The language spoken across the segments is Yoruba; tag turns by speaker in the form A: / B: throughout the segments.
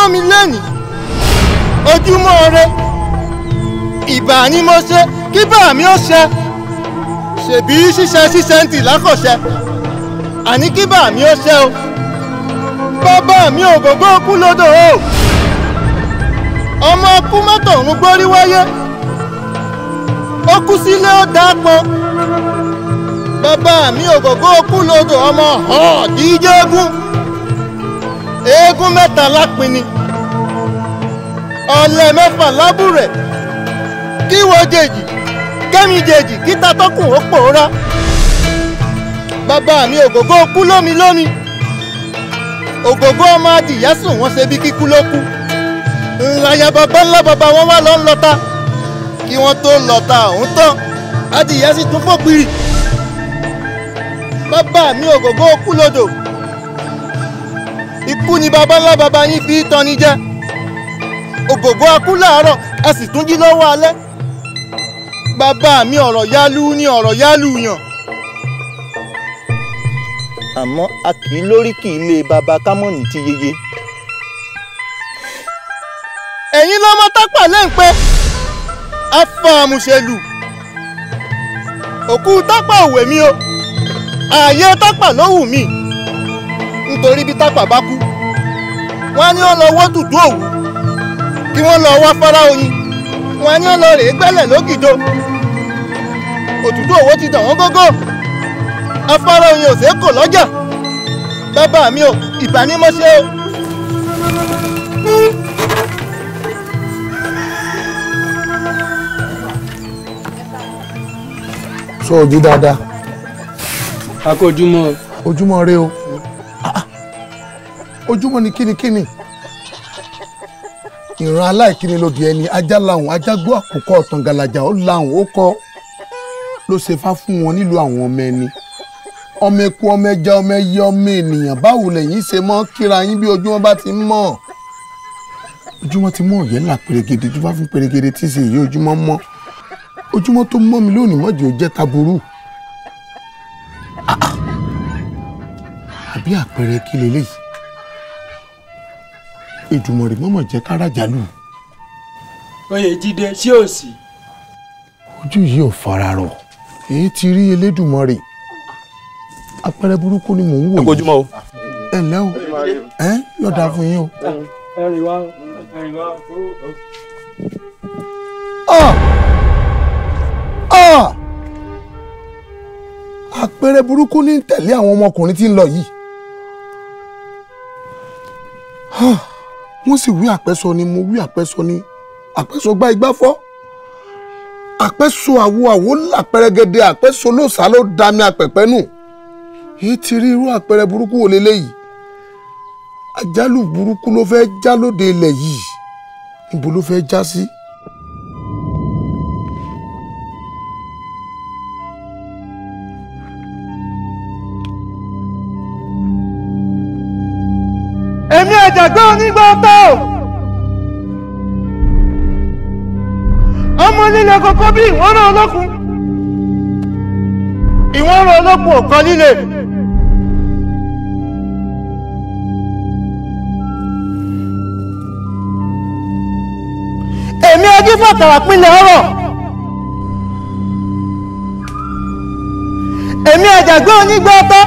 A: ojúmọ́ mi lẹ́nìí ojúmọ́ rẹ ìbà ni mo ṣe kí bá mi ó ṣe ṣèbí ṣíṣe ṣíṣe ń tì lákọ̀ṣe àní kí bá mi ó ṣe o bàbá mi ò gbogbo kú lódò o ọmọ kú mọ́tò ń gbórí wáyé ó kú sílé ó dá pọn bàbá mi ò gbogbo kú lódò ọmọ hàn díjẹ́gún. Eegun mẹ́ta lápinni ọ̀lẹ̀ mẹ́fà lábúrẹ̀ kíwo jèjì kẹ́mi jèjì kíta tọ́kùn ó pòórá bàbá mi ògògó kú lómi lómi ògògó ọmọ adìyá sùn wọ́n ṣe bí kíkú ló kú ńláya bàbá ńlá bàbá wọn wà lọ ń lọta kí wọ́n tó lọta ọ̀hún tán adìyá sì tún fò piri bàbá mi ògògó kú lodò. ikú ni baba ńlá baba yín fi tàn ní jẹ ògògbó akú làárọ̀ ẹ sì tún jí lọ́wọ́ alẹ́ bàbá mi ọ̀rọ̀ yálù ni ọ̀rọ̀ yálù yàn. àmọ́ a kì í lórí kì í lé baba kámọ́nì ti yeye. ẹ̀yin lọ́mọ tápà lẹ́ǹpẹ́ afáàmùṣẹ́lù òkú tápà òwe mi o ààyè tápà ló wù mí nítorí bí tápà bá kú wọ́n ní ó lọ wó dùdú òwú kí wọ́n lọ wá fọ́rá oyin wọ́n ní ó lọ rèé gbẹ́lẹ̀ lógìjó òdùdú òwú ti dàn wọ́n gógó afárá oyin ò ṣeé kò lọ́jà bàbá mi ò ìbánimọ́ṣẹ́ o. sọ ojú dáadáa. a kò ojúmọ́. ojúmọ́ rẹ o ojúmọ́ ni kínníkínní ìran aláìkíni lòdì ẹni ajá làwọn ajá gbọ́ àkùkọ ọ̀tàn gàlàjà ó làwọn ó kọ́ ló ṣe fá fún wọn nílùú àwọn ọmọ ẹni ọmọ eku ọmọ ẹja ọmọ ẹyẹ ọmọ ènìyàn báwo lẹ̀yin ṣe mọ́ kíra yín bí ojúmọ́ bá ti mọ́ ojúmọ́ ti mọ́ ọ̀yẹ́ là pèrègèdè tó bá fún pèrègèdè tí ṣe èyí ojúmọ́ mọ́ ojúmọ́ tó mọ́ mi lónìí mọ́jì ò
B: jẹ́ taburú àbí àpẹẹrẹ kí leléyìí. Èdùmàrè mọ̀mọ̀ jẹ́ kárájálù.
A: oyè jíde ṣé ò sí.
B: ojú yìí ò fara rọ èyí ti rí Elédùmarè apẹrẹ burúkú ni mò ń wò yìí. ẹ kojúmọ́ o.
A: ẹ ǹlẹ́ o ẹ yọ̀dà fún yín o. ẹ rìn wá ẹ Ah! Ah! àpẹrẹ burúkú ní tẹ̀lé àwọn ọmọkùnrin tí ń lọ yìí. Huh wọ́n sì wí àpẹ́sọ ni mo wí àpẹ́sọ ni àpẹ́sọ gbá igbá fọ́ àpẹ́sọ àwo àwo làpẹrẹgẹdẹ àpẹ́sọ lòsà ló da mi àpẹ̀pẹ́ nù èyí ti rí irú àpẹrẹ burúkú wò leléyìí àjálù burúkú ló fẹ́ já lóde ilẹ̀ yìí níbo ló fẹ́ já sí. èmi àjàgbé onígbà tá. àkọ́kọ́ bí ìwọ́n rán olókun ìwọ́n rán líle. èmi ojú fàtàrà pinlẹ̀ ọ̀rọ̀ èmi àjàgbé onígbà ọtọ́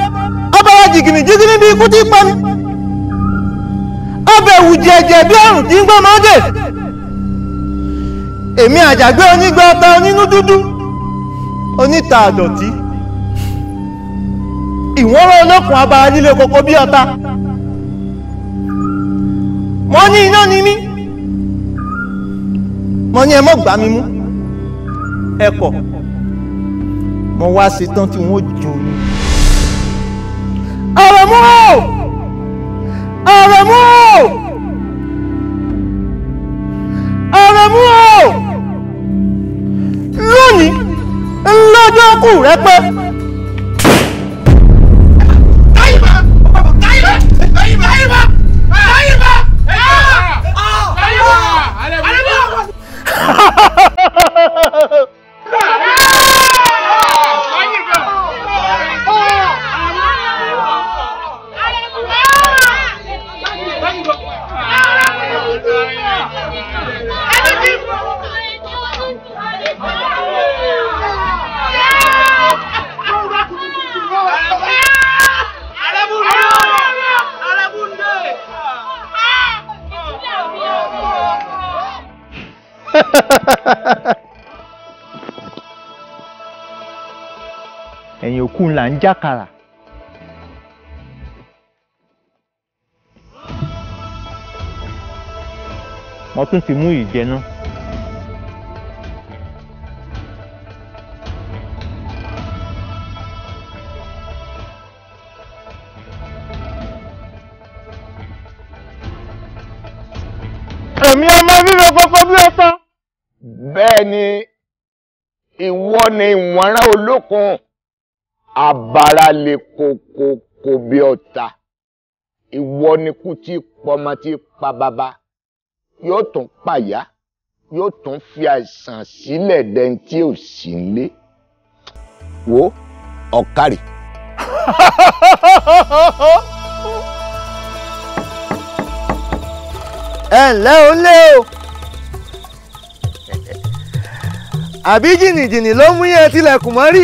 A: ọbẹ̀wá jìgìrì jìgìrì bíi ikú tí ń pa mi ọbẹ̀ ìwùjẹ̀jẹ̀ bí tí ń gbọ́ mọ́dẹ̀. èmi àjàgbé onígbàtà onínú dúdú oníta àdọ̀tí ìwọ́rọ̀ olókùn abara líle koko bí ọta mo ní iná ni mí mo ní ẹ mọ́ gbà mí mú ẹ kọ̀ mo wá ṣetán tí wọ́n jù mí. àrẹ̀mú o
C: àrẹ̀mú o àrẹ̀mú o.
A: kú rẹ pé
B: burúkú là ń jàkàrà. mo tún ti mú
A: ìjẹ náà.
C: èmi ọmọ bíbẹ
B: pọpọ bí ó tán. bẹ́ẹ̀ ni ìwọ ni ìwọ̀nrán olókun abara le koko kò bí ọ̀tá ìwọ ni kú tí pọmọ tí pa bàbá yóò tún pàyà yóò tún fi àìsàn sílẹ̀ dẹ́n tí ò sí nílé wo ọ̀kárì.
A: ẹ ǹlẹ́ o lé o àbí jìnnìjìnnì ló mú yẹn tilẹ̀kùn mọ́rí.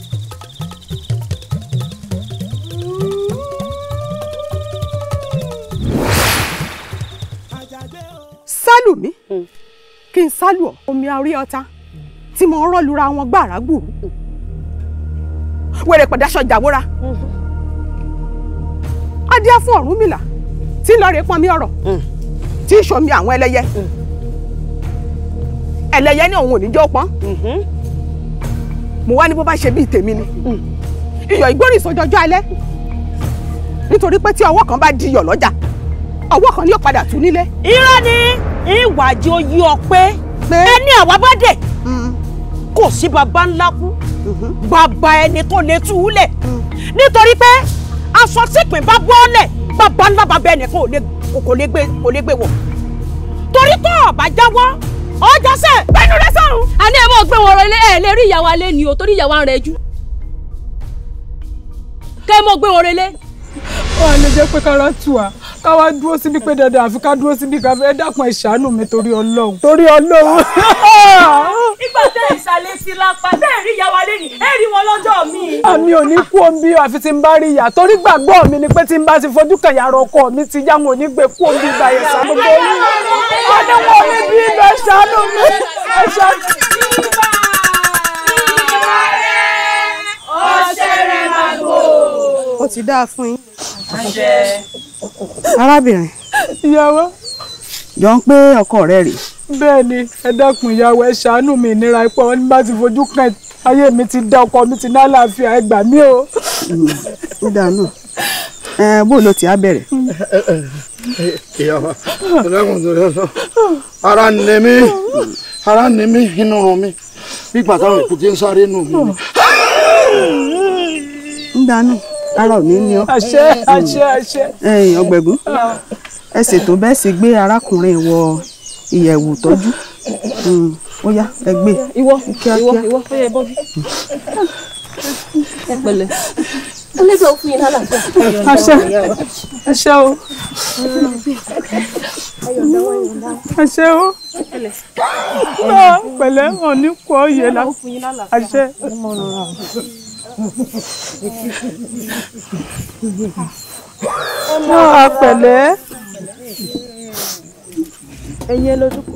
C: kí n sálù ọ omi orí ọta tí mo rọ́ lura wọn gbàrà gbùrù
A: wẹ̀rẹ̀ pẹ̀dáṣọ jàwóra adíá fún Ọ̀rúnmìlà tí lọ́ọ̀rẹ́ pọnmi ọ̀rọ̀ mm. tí ìṣomi àwọn ẹlẹ́yẹ mm. ẹlẹ́yẹ ní òun ò ní jẹ́ òpọ́n mm-hmm. mo wá ní bó bá ṣe bíi tèmi ni mm. iyọ̀ ìgbórí ìsọjọjọ́ alẹ́ nítorí pé tí ọwọ́ kan bá di iyọ̀ lọ́jà ọwọ́ kan ni yóò padà tú nílé. irọ́ ni ìwàjì ó yí ọ pé ẹni àwa bá dé mm-hmm. kò sí baba ńlá kú mm-hmm. baba ẹni tó lè tú lẹ̀ mm-hmm. nítorí pé aṣọ sípìn bá bọ́ lẹ̀ baba ńlá baba ẹni kò lè gbé wọ̀ torí tó ọ̀bà
C: jáwọ́ ọjà sẹ́ bẹ́ẹ̀nu rẹ sọ̀rùn. àní ẹ̀ mọ̀ gbé wọn rọ ẹ̀ lè rí ìyàwó alẹ́ ni o torí ìyàwó rẹ̀ jù kẹ́ ẹ mọ̀ gbé wọn rẹ lé ó wà lè
A: jẹ́ pé kára tù wá ká wá dúró síbi pé dandan àfi ká dúró síbi ká fẹ́ dákun ẹ mi torí ọlọ́run. torí ọlọ́run. nígbà tẹ ìsàlẹ̀ sí lápá tẹ rí ìyá wa lẹ́nu
C: ẹ wọn lọ́jọ́ mi. àmì ò ní
A: kú omi àfi tí n bá rí ìyá torí gbàgbọ́ mi ni pé tí n bá ti fojú kan yàrá ọkọ mi ti yá wọn ò ní gbé kú omi ìgbà yẹn sàmú gbé
C: ó ti dáa fún yín arábìnrin. ìyàwó. jọ ń pé ọkọ rẹ rèé.
A: bẹ́ẹ̀ ni ẹ dákun ìyàwó ẹ ṣàánú mi ìnira ipò ọ ní bá ti fojú kan ayé mi ti dá ọkọ mi ti ná àlàáfíà ẹ gbà o. ó dáa náà bó ló ti á bẹ̀rẹ̀. ìyàwó ẹ dákun tó yọ sọ ara ń lé mi ara ń lé mi inú rún mi bí pàtàkì kò ti ń sáré nù mí. ń dáná ara ò ní ní ọ. àṣẹ àṣẹ àṣẹ.
C: ẹ̀yin ọ̀gbẹ̀gún ah.
A: ẹ ṣètò bẹ́ẹ̀ sì gbé arákùnrin wọ ìyẹ̀wù
C: tọ́jú hmm, ó yá ẹ gbé. ìwọ ìwọ ìwọ ó yẹ bọ́ bí. ẹ pẹ̀lẹ́ ó lè dọ̀ fún yín lálàáfíà. àṣẹ àṣẹ o àṣẹ o pẹ̀lẹ́ òní kò àṣẹ náà pẹ̀lẹ́ ẹ̀yẹ lọ́dún kù.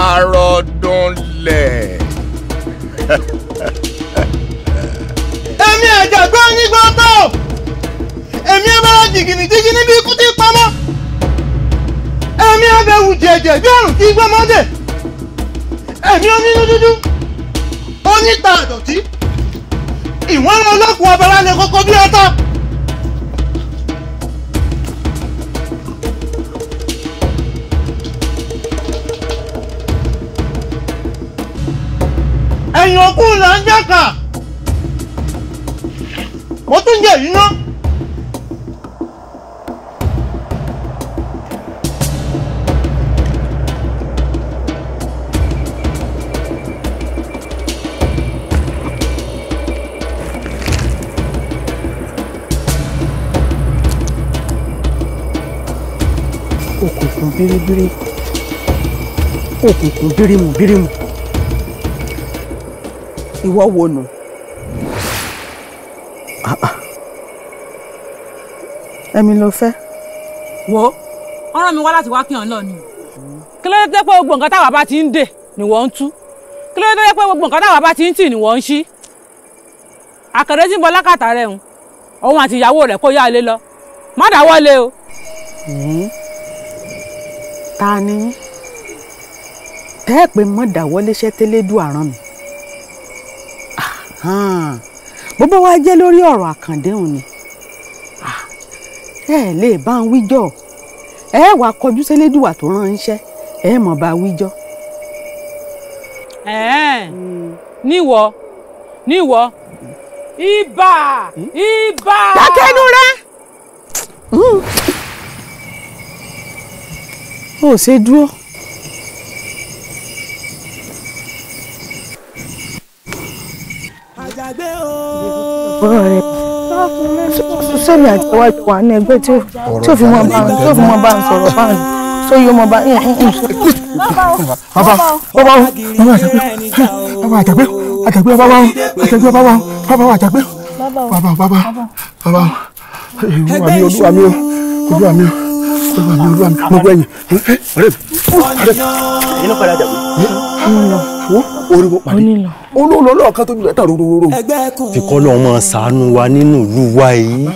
B: Arọdúnlẹ̀.
A: Èmi ẹ̀jẹ̀ gbọ́ yín gbọ́ tó èmi abẹ́rẹ́ jìgìnì jìgìnì bí ikú ti pamọ́ èmi abẹ́wù jẹ̀jẹ̀ bí àrùn ti gbọ́ mọ́dẹ̀ èmi onínú dúdú oníta àdọ̀tí ìwọ́n lọ lọ́kùn abẹ́rẹ́ ni kókó bí ọtá. ẹ̀yìn òkú là ń jẹ́ kà ó tún jẹ́ yìí náà. biribiri òkùnkùn bírímù bírímù ìwọ wo nù. Ah,
C: ah. ẹ̀mí ló fẹ́.
A: wo wọ́n rán mi wá láti wá kí ọ̀n lọ ni kí ló dé pé gbogbo nǹkan táwa bá ti ń dè ni wọ́n ń tú kí ló dé pé gbogbo
C: nǹkan táwa bá ti ń tì ni wọ́n ń ṣí àkàrẹ́ tí ń bọ lákàtà rẹ̀ ń òun àti ìyàwó rẹ̀ kó yá ilé lọ má dáwọ́ lé o. Mm-hmm ta ni yín tẹ́ ẹ̀ pé mọ́ dáwọ́léṣẹ́ tẹ́lẹ́dù àrán mi bó bá wá jẹ́ lórí ọ̀rọ̀ àkàndéhùn ni ẹ lè bá ń wíjọ́ ẹ wà kọjú sẹ́lẹ́dùwà tó rán iṣẹ́ ẹ mọ̀ bá wíjọ́. Hmm.
A: níwọ níwọ ibà hmm? ibà. dákẹ́nu rẹ. Hmm
C: ó ṣe dúró. àjàgbé ooo. sẹ́mi àti ẹwà jọ wà ní ẹgbẹ́ tí ó fi mọ́ bá ń tó fi mọ́ bá ń sọ̀rọ̀ bá ń tó yọ mọ́ bá ń. bàbá
B: bàbá bàbá
A: àjàgbé àjàgbé bàbá àjàgbé bàbá bàbá àjàgbé
C: bàbá
B: bàbá
A: bàbá àmì olúwa mi o olúwa mi o olúwa mi olúwa mi mo gbọ́ ẹ̀yìn ọ̀rẹ́ mi ọ̀rẹ́ mi inú padà dàbí. Hmm. orí mo pàdé olóòlò ọlọ́ọ̀kan tó dùn tàrú rúrú fi kọ́ lọ́ọ́ máa ṣàánú wa nínú ìlú wa yìí.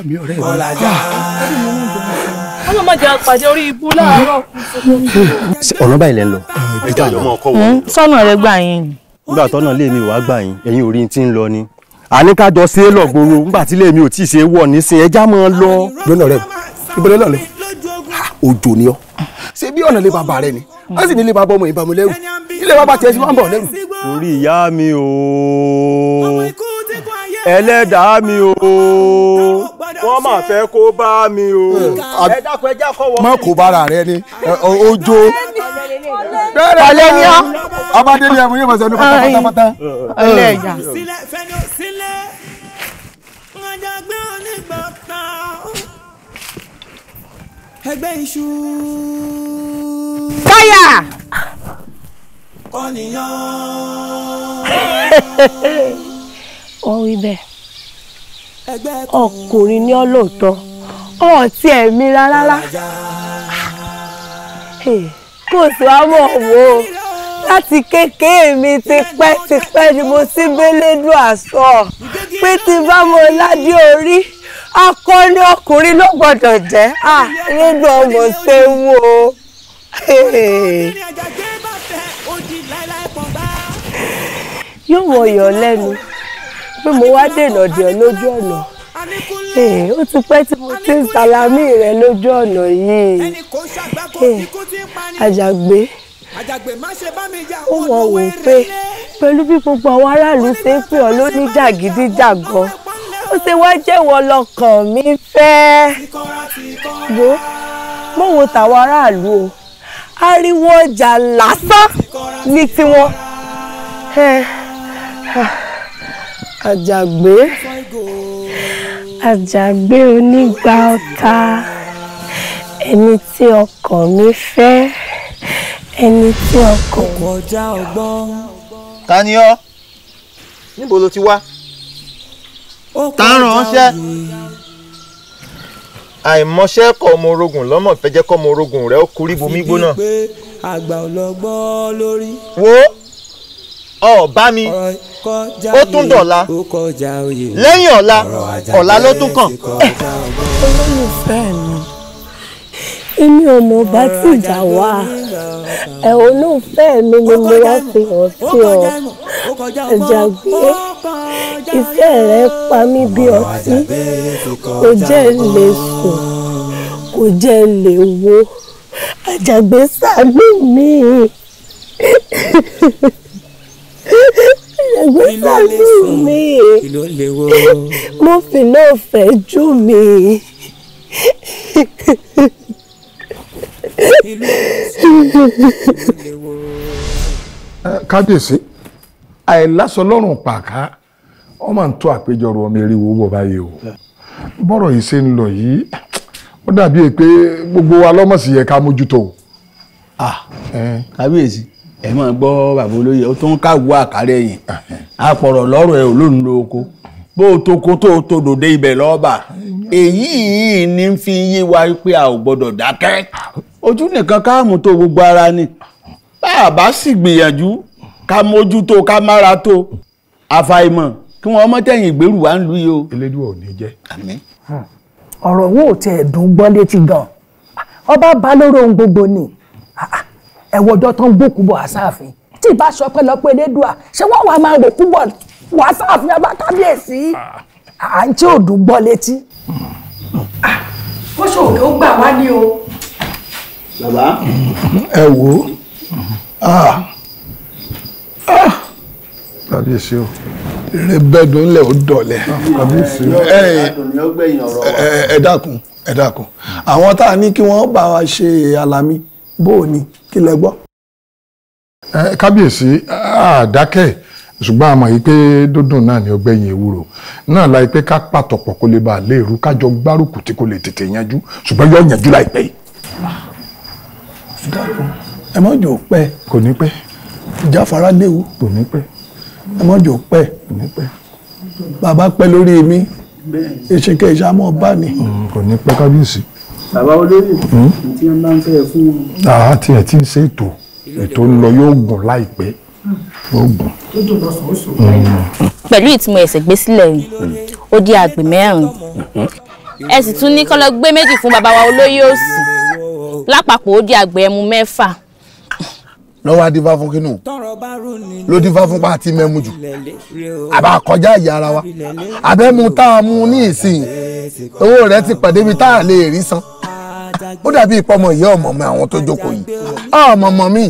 C: ọlọ́mọ jẹ́ àpàdé orí ibú láàárọ̀.
A: ọ̀nà báyìí lẹ́ hmm? sọ́nà rẹ̀ gbà yín nígbà tọ́nà lé mi gbà yín ẹ̀yin orí ti ń lọ ni àní ká jọ sí é nígbà tí lèmi ò tí ì ṣe wọ̀ nísìnyẹn já máa lọ. lọ́nà rẹ̀ ibodè lọ́nà. Ojo ni ọ ṣé bí ọ̀nà ilé bàbá rẹ ni wọ́n sì ní ilé bàbá ọmọ ìbámu lẹ́rù ilé bàbá tiẹ̀ sì máa ń bọ̀ lẹ́rù. orí ìyá mi o ẹlẹ́dàá mi o wọ́n máa fẹ́ kó bá mi o ẹ dákun ẹjá kọ́ wọ́n. má kó bára rẹ ni ojo
C: bẹ́ẹ̀ ni
A: ọmọdé ni ẹ̀mú yóò máa sọ ẹnu pátápátá. ẹgbẹ́ iṣu. fáyà. kọ́niyàn.
C: wọ́n wí bẹ́ẹ̀ ọkùnrin ní ọlọ́ọ̀tọ́ ọ̀ọ́tí ẹ̀mí rárá kò sí wàá mọ̀ wò ó láti kékeré mi tipẹ́tipẹ́ ni mo sí bẹ́lẹ́dùn àṣọ pé ti bá mo ládé orí akọni ọkùnrin ló gbọ́dọ̀ jẹ́ nínú ọmọ ṣe wo. yóò wọ ọyọ lẹ́nu pé mo wá dènà dìọ lójú ọ̀nà ó ti pẹ́ tí mo ti ń salami rẹ lójú ọ̀nà yìí àjàgbé ó mọ̀ wò pé pẹ̀lú bí gbogbo àwọn aráàlú ṣe ń pè ọ́ lóní jàgídíjàgan ó ṣe wá jẹ́wọ́ lọ́kàn mi fẹ́. wo mo wo tàwọn aráàlú o ariwo ọjà lásán ní tiwọn. àjàgbé àjàgbé onígbà ọ̀tá ẹni tí ọkàn mi fẹ́ ẹni tí ọkàn.
A: kọjá ta ni ọ́ níbo lo ti wá tá a ránṣẹ́ àìmọṣẹ́ kọ́ ọmọ orogún lọ́mọ fẹ́jẹ́ kọ́ ọmọ orogún rẹ̀ ó kúrí bomi gbóná. àgbà ọlọ́gbọ́n lórí. wo ọba mi
C: ó tún dọ̀la
A: lẹ́yìn ọ̀la ọ̀la ló tún kàn.
C: olólùfẹ́ mi èmi ò mọ̀ bá tí ìjà wá ẹ̀hónúfẹ́ mi ni mo wá fi hàn sí ọ ẹ̀jàgbé ìfẹ́ rẹ pa mí bí ọtí kò jẹ́ lè sùn kò jẹ́ lè wo àjàgbé ṣàánú mi àjàgbé ṣàánú mi mo fi náà fẹ́ jù mí.
A: kábíyèsí àìlásọ
B: lọ́rùn pàká wọ́n máa ń tó àpéjọrò ọmọ eriwo wọ̀ báyìí o bọ́rọ̀ yìí ṣe ń lọ yìí ó dàbí ẹ pé gbogbo wa lọ́mọ̀sí yẹ ká mójútó.
A: kábíyèsí ẹ máa gbọ́ bàbá ó tó ń káwọ àpọ̀rọ̀ bó o tó tó o tó dòde ni fi yé wa pé a ò gbọ́dọ̀ ojú nìkan káàmù tó gbogbo ara ni bá a bá sì gbìyànjú ká mójútó ká mára tó àfàìmọ̀ kí wọ́n mọ́ tẹ̀yìn ìgbèrú wa ń lu yìí o. elédùn ò ní jẹ́. àmín. Hmm. ọ̀rọ̀ wo ò tiẹ̀ dùn gbọ́ létí gan ọba bá lórí ohun gbogbo ni ah, ah. ẹ̀wọ̀dọ́ tán gbókùú bọ̀ àsáàfin tí ìbá sọ pé lọ́pọ̀ elédùà ṣé wọ́n wàá máa rò púpọ̀ wàá sáàfin ọba kábíyèsí ah, à ń tí ò dùn gbọ́ létí.
C: kóṣòwò hmm. kí gbà wá ní o
A: bàbá. ẹ wo ah. Ah. kábíyèsí o rẹ bẹ́ẹ̀dùn ńlẹ̀ ó dọ̀lẹ̀ o ẹ dákun ẹ dákun àwọn tá a ní kí wọ́n bá wa ṣe alami bó o
B: ní kí lẹ gbọ́. kábíyèsí àdákẹ́ ṣùgbọ́n a mọ̀ yìí pé dúndùn náà ni ọgbẹ́yìn ewúro náà láì pé ká pàtọ̀pọ̀ kó lè bàa léèrú kájọ
A: gbárùkù tí kò lè tètè yanjú ṣùgbọ́n yóò yanjú láìpẹ́ yìí dákun ẹ má jò pẹ́. kò ní pẹ́. ìjáfara léwu. kò ní pẹ́. ẹ má jò pẹ́. kò ní pẹ́. bàbá pẹ́ lórí mi ìṣèké ìṣàmọ́ bá ní. Mm, kò ní pẹ́ kábíyèsí. bàbá olóyè mm? tí wọ́n bá ń fẹ́ fún wọn. àá tiẹ̀ tí ń ṣètò ètò ń lọ yóò gùn láìpẹ́ yóò gùn.
C: pẹ̀lú ìtumọ̀ ẹ̀sẹ̀ gbé sílẹ̀ yìí ó di àgbè mẹ́rin ẹ sì tún ní kọ́lọ́ gbé méjì fún bàbá wa olóyè òsì lápapọ̀ ó jẹ́ àgbẹ̀ ẹmu mẹ́fà.
A: lọ́wọ́ adífá fún kínú ló dífá fún pàtí mẹ́mu jù
C: àbá kọjá ìyá ara wa àbẹ́mu
A: tá a mú ní ìsìn owó rẹ̀ ti pàdé ibi tá a lè rí san ó dàbí ìpọ́mọ ìyá ọmọ mi àwọn tó jókòó yìí ọmọ ọmọ mi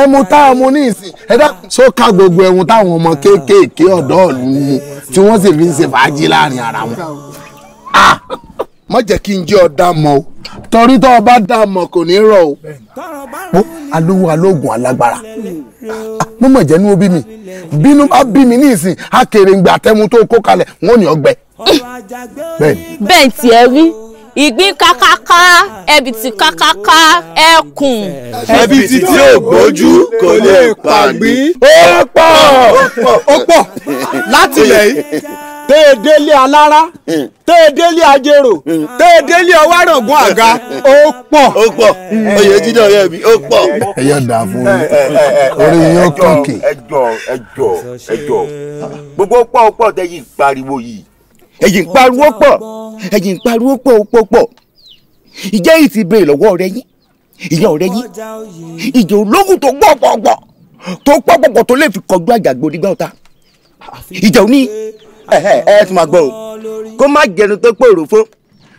A: ẹmu tá a mu ní ìsìn ẹ̀dá só ká gbogbo ẹmu táwọn ọmọ kéékèèké ọ̀dọ́ ọ̀lú mu tí wọ́n sì fi ń ṣe fàájì láàrin ara wọn. Ah! má jẹ́ kí n jẹ́ ọ̀dà mọ́ o torí tó o bá dá kò ní rọ̀ o. alówó alóògùn alágbára mo mọ̀ ní bí mi bínú bá bí mi tẹ́mu tó kó kalẹ̀ ò ní ọgbẹ́.
C: ìgbín kákáká ẹbìtì kákáká ẹkùn.
A: ẹbìtì tí ò gbójú kò lè pàgbín. ó pọ̀ ó pọ̀ láti ilẹ̀ yìí téèdélé alára téèdélé ajérò téèdélé ọwárangún àga ó pọ̀. ó pọ̀ oyè jíjẹ ọyẹ mi ó pọ̀. ẹ yọ dà fún mi orí yín ó kọkì. ẹjọ ẹjọ ẹjọ gbogbo pọ̀ pọ̀ tẹ́ yìí pariwo yìí ẹ̀yin ń pariwo pọ̀ ẹ̀yin ń pariwo pọ̀ pọ̀ pọ̀ ìjẹ́ yìí ti béèrè lọ́wọ́ ọ̀rẹ́ yín ìyá ọ̀rẹ́ yín ìjẹ́ ológun tó gbọ́ pọ̀pọ̀ tó pọ̀ pọ̀pọ̀ tó lè fi kọjú àjàgbó nígbà ọ̀tá ìjẹ́ òní ẹ ẹ ti máa gbọ́ o kó má jẹnu tó pé òròfó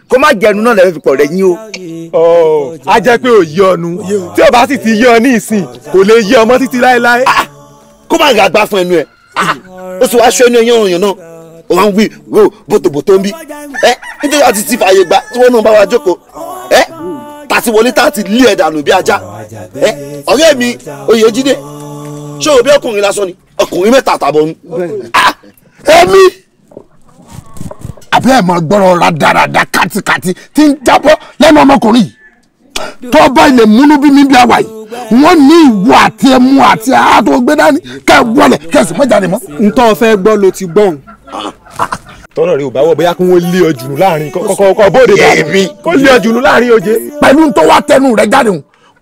A: kó má jẹnu náà lẹ́yìn fipọ̀ rẹ̀ yín o. a jẹ́ pé ò yí ọnu tí o bá sì ti yí ọ ní ìsìn kò lè yí ọmọ títí láéláé. Ah, kó má gàgbà fún ẹnu ẹ o ah, sì wá aṣọ ẹnu ẹyán ọ̀yàn náà ó wá ń wí wò bòtòbòtò ń bí ẹ nítorí àti ti fààyè gbà tí wọ́n náà bá wa jókòó ẹ tàti wọlé tàti lé ẹ̀ dànù bí ajá ẹ ọ̀rẹ́ mi Oyèjídé ṣé òbí ọkùnrin lásán ni ọkùnrin mẹ́ta àtàbọ̀ ń. Ah, èmi àbí ẹ̀ máa gbọ́rọ̀ rádaràda kátikáti tí ń jábọ́ lẹ́nu ọmọkùnrin yìí tó bá ilẹ̀ múnú bí mi bí àwa yìí wọ́n ní ìwọ àti ẹmu àti àádọ́ gbé dání kẹ́ ẹ wọlé kẹ́ ẹ sì mọ́ jáde mọ́. ntọ́ fẹ́ gbọ́ ló ti gbọ́n tọ́nà rẹ ò bá wọ̀ bóyá kí wọ́n lé ọ jùlù láàrin kọ́kọ́ bóde báyìí kó lé ọ láàrin oje. pẹ̀lú tó wá tẹnu rẹ̀ jáde o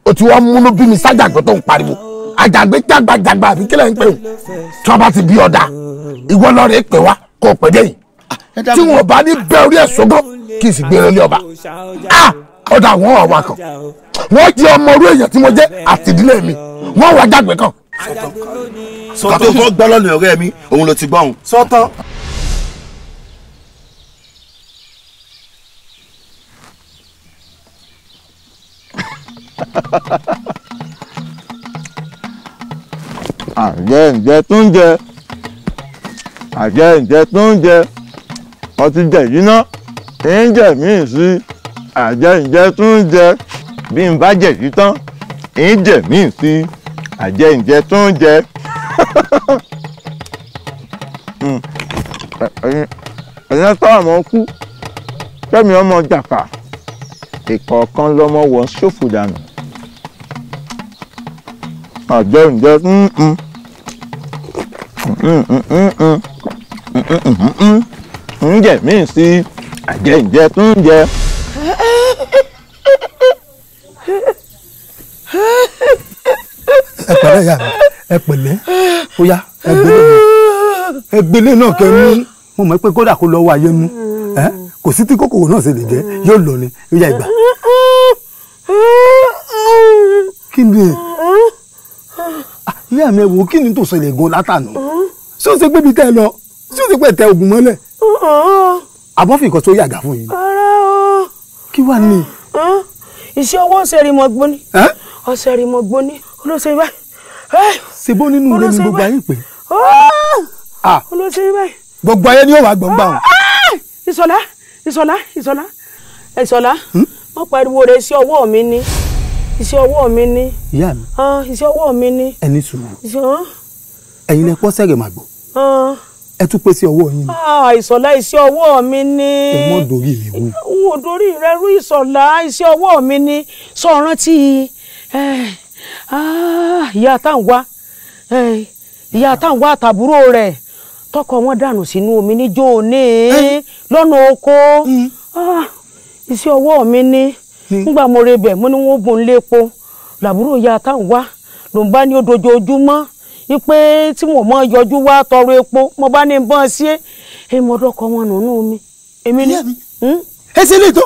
A: o ti wá múnú bí mi sájàgbé tó ń pariwo àjàgbé jágbàjàgbà àbí kílẹ̀ ń pè o tí wọ́n bá ti bí ọ̀dà ìwọ lọ́ọ̀rẹ́ pè wá kó o pè dé yìí tí wọn bá ní bẹ́ orí ẹ̀ sọ́gbọ́ kí n sì gbé lọ́lé e ọba ọ̀dà wọn wà wá kan wọ́n jẹ́ ọmọ orú èèyàn tí mo jẹ́ àtìdílé mi wọ́n wà jágbé kan. sọ́tọ̀ sọ́tọ̀ gbọ́ lọ́nà ọ̀rẹ́ mi òun ló ti gbọ́ òun. sọ́tọ̀. àjẹ́ ǹjẹ́ tó ń jẹ àjẹ́ ǹjẹ́ tó ń jẹ ọtí jẹ yìí ná ń jẹ míì sí àjẹ́ ǹjẹ́ tó ń jẹ bí n bá jẹ yìí tán ń jẹ míì sí àjẹ́ ǹjẹ́ tó ń jẹ. ẹ̀yin sábà mọ́ kú kẹ́mi ọmọ jàkà ìkọ̀ọ̀kan lọ́mọ wọ́n ṣòfò dànù àjẹ́ ǹjẹ́ ǹjẹ́ mi sí àjẹ́ ǹjẹ́ tó ń jẹ. ẹ
C: pẹ̀lẹ́ ya ẹ pẹ̀lẹ́ ó yá
A: ẹgbẹ́lẹ́ náà kẹ́ mú mo mọ̀ pé kódà kó lọ́wọ́ ayé mú kò sí tí kòkòrò náà ṣe lè jẹ́ yóò lọ ni ó yá ìgbà. kí ni ìyá mi ẹ wò kí ni tó ṣẹlẹ̀ gan látànà ṣé o ṣe pé ibi tẹ́ ẹ lọ ṣé o ṣe pé tẹ oògùn mọ́lẹ̀ àbọ̀fìn kan tó yàgà fún yín. ara o kí wàá ní. iṣẹ́ owó ọ̀sẹ̀ rí mọ́ gbóni ọ̀sẹ̀ rí mọ́ gbóni olóṣèlú báyìí. ṣèbó nínú ilé ni gbogbo ayé pé. Ah! olóṣèlú báyìí. gbogbo ayé ni yóò wá gbọ̀ngbà o. ìṣọ̀lá ìṣọ̀lá ìṣọ̀lá
C: ìṣọ̀lá wọ́n pariwo rẹ̀ sí ọwọ́ mi ni iṣẹ́ ọwọ́ mi ni. ìyá mi. iṣẹ́ ọwọ́ mi ni.
A: ẹni sùúrù. ẹ̀yin lẹ pọ́ sẹ́rẹ̀ màgbò. ẹ tún pèsè ọwọ́ yín. ìsọ̀lá iṣẹ́ ọwọ́ mi ni. ẹ mọ́ dorí mi wú. n ò dorí rẹ rú ìsọ̀lá iṣẹ́ ọwọ́ mi ni sọ̀rọ̀ tí ìyá táwọn wá ìyá táwọn wá àtàbúrò rẹ̀
C: tọkọ wọn dànù sínú omi níjó ní lọ́nà oko iṣẹ́ ọwọ́ mi ni. Mm. Ah, nígbà mo rebẹ mo ní wọn bùn lépo làbúrò
A: ya táwọn wá ló ń bá ní ojoojúmọ́ ipe tí mo mọ yọjú wá tọrọ epo mo bá ní bọ́n sí ẹ ẹ mo dọkọ wọn nùnú mi èmi ni. Hmm? ẹ ṣe lè tó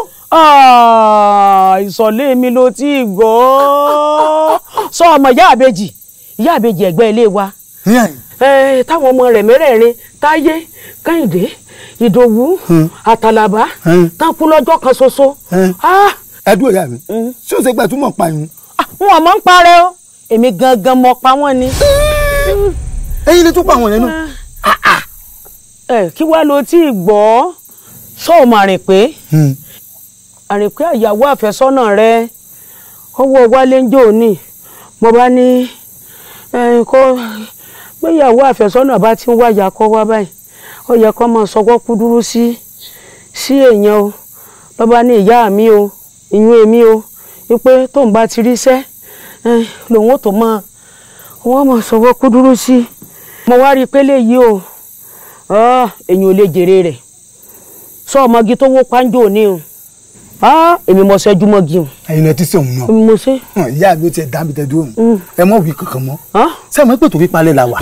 A: ìsọ̀lé mi ló ti gọ́ sọ ọmọ ìyá àbejì ìyá àbejì ẹ̀gbẹ́ ilé wa táwọn ọmọ rẹ̀ mẹ́rẹ̀ẹ̀rin táyé kẹ́hìndé ìdòwú hmm. àtàlàbá hmm. tán kú lọ́jọ́ kan ṣoṣo ẹ dúró yá mi mm. ṣé o ṣe pẹ́ tún mọ̀ pa yín. Ah, wọn ò mọ̀ ń parẹ́ o èmi gangan mọ̀ pa wọ́n ni. Eh! ẹ̀yin lè tún pa àwọn yẹn náà. ẹ ah, ah.
C: eh, kí wàá lo tí ì gbọ́ sọ́ọ̀mù àrìnpé hmm. àrìnpé àyàwó àfẹ́sọ́nà rẹ ọwọ́ wálé ń jò ní mo bá ní eh, kó gbéyàwó àfẹ́sọ́nà bá ti ń wáyà kọ́ wá báyìí ó yẹ kó máa sọwọ́ kúdúrú sí sí èèyàn o lọ́ba ní ìyá mi o ìyún èmi o wípé tóun bá ti ríṣẹ́ lòun ò tó mọ wọn mọ sọwọ kúdúrú sí i mo wá rí i pé léyìí o èyàn ò lè jèrè rẹ̀ sọ ọmọge tó wó pánjọ òní
A: o èmi mo ṣẹ́jú mọ́gi o. ẹyin ẹtí sẹ́wọ̀n náà mo ṣe. ìyá mi ò tiẹ̀ dá mi tẹ́ dúró mm. ẹ mọ̀ wí kankan mọ́ sẹ́wọ̀n ẹ pè tó fi palẹ̀ la wà.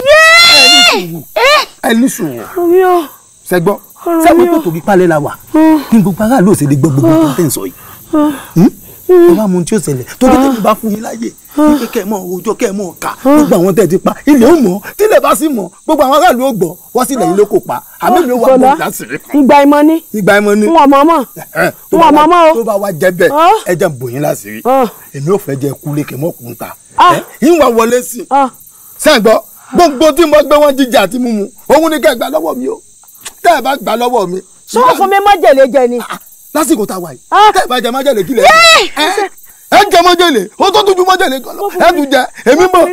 A: ẹ ní sùúrù sẹ́gbọ́n eh! sẹ́wọ̀n ẹ pè tó fi palẹ̀ la wà kí mm. n gbogbo aráàlú ò sì lè gbọ́ gbogbo tó mm. tẹ̀ ń sọ yìí. Hmm? ẹ wá mu tí ó ṣẹlẹ̀ torí tẹ̀mí bá fún yín láyè wípé kẹ́ ẹ mọ òòjọ́ kẹ́ ẹ mọ ọ̀ka ah. Ah. gbogbo àwọn tẹ̀ ti pa ilé ó mọ̀ tílẹ̀ bá sì mọ̀ gbogbo àwọn aráàlú ó gbọ́ wọ́n sì lẹ́yìn ló kò pa àmì mi ó wà mọ̀ lásìrí. ìgbà ìmọ̀ ni ìgbà ìmọ̀ ni n wà mọ̀ mọ̀ n wà mọ̀ mọ̀ o. tó bá wa jẹ bẹ́ẹ̀ ah. ẹ jẹ́ bòyìn lásìrí èmi ò fẹ́ jẹ kúlé kẹ́ mọ́ kún ta yín wà wọlé sí i sẹ́ǹgbọ́ gbogbo tí mo gbé wọn jíjà àti mímu òun ni kẹ́ gbà lọ́wọ́ mi o tẹ́ ẹ bá gbà lọ́wọ́ mi. sọ́wọ́ fún mi mọ́ jẹ̀lẹ́jẹ̀ ni lásìkò tá a wà yìí tẹ́ ah! ẹ̀ bá jẹ májèlé kílẹ̀ ẹ̀ ẹ̀ ń jẹ májèlé ó tó tún ju májèlé gan lọ ẹ̀ tún jẹ èmi mọ̀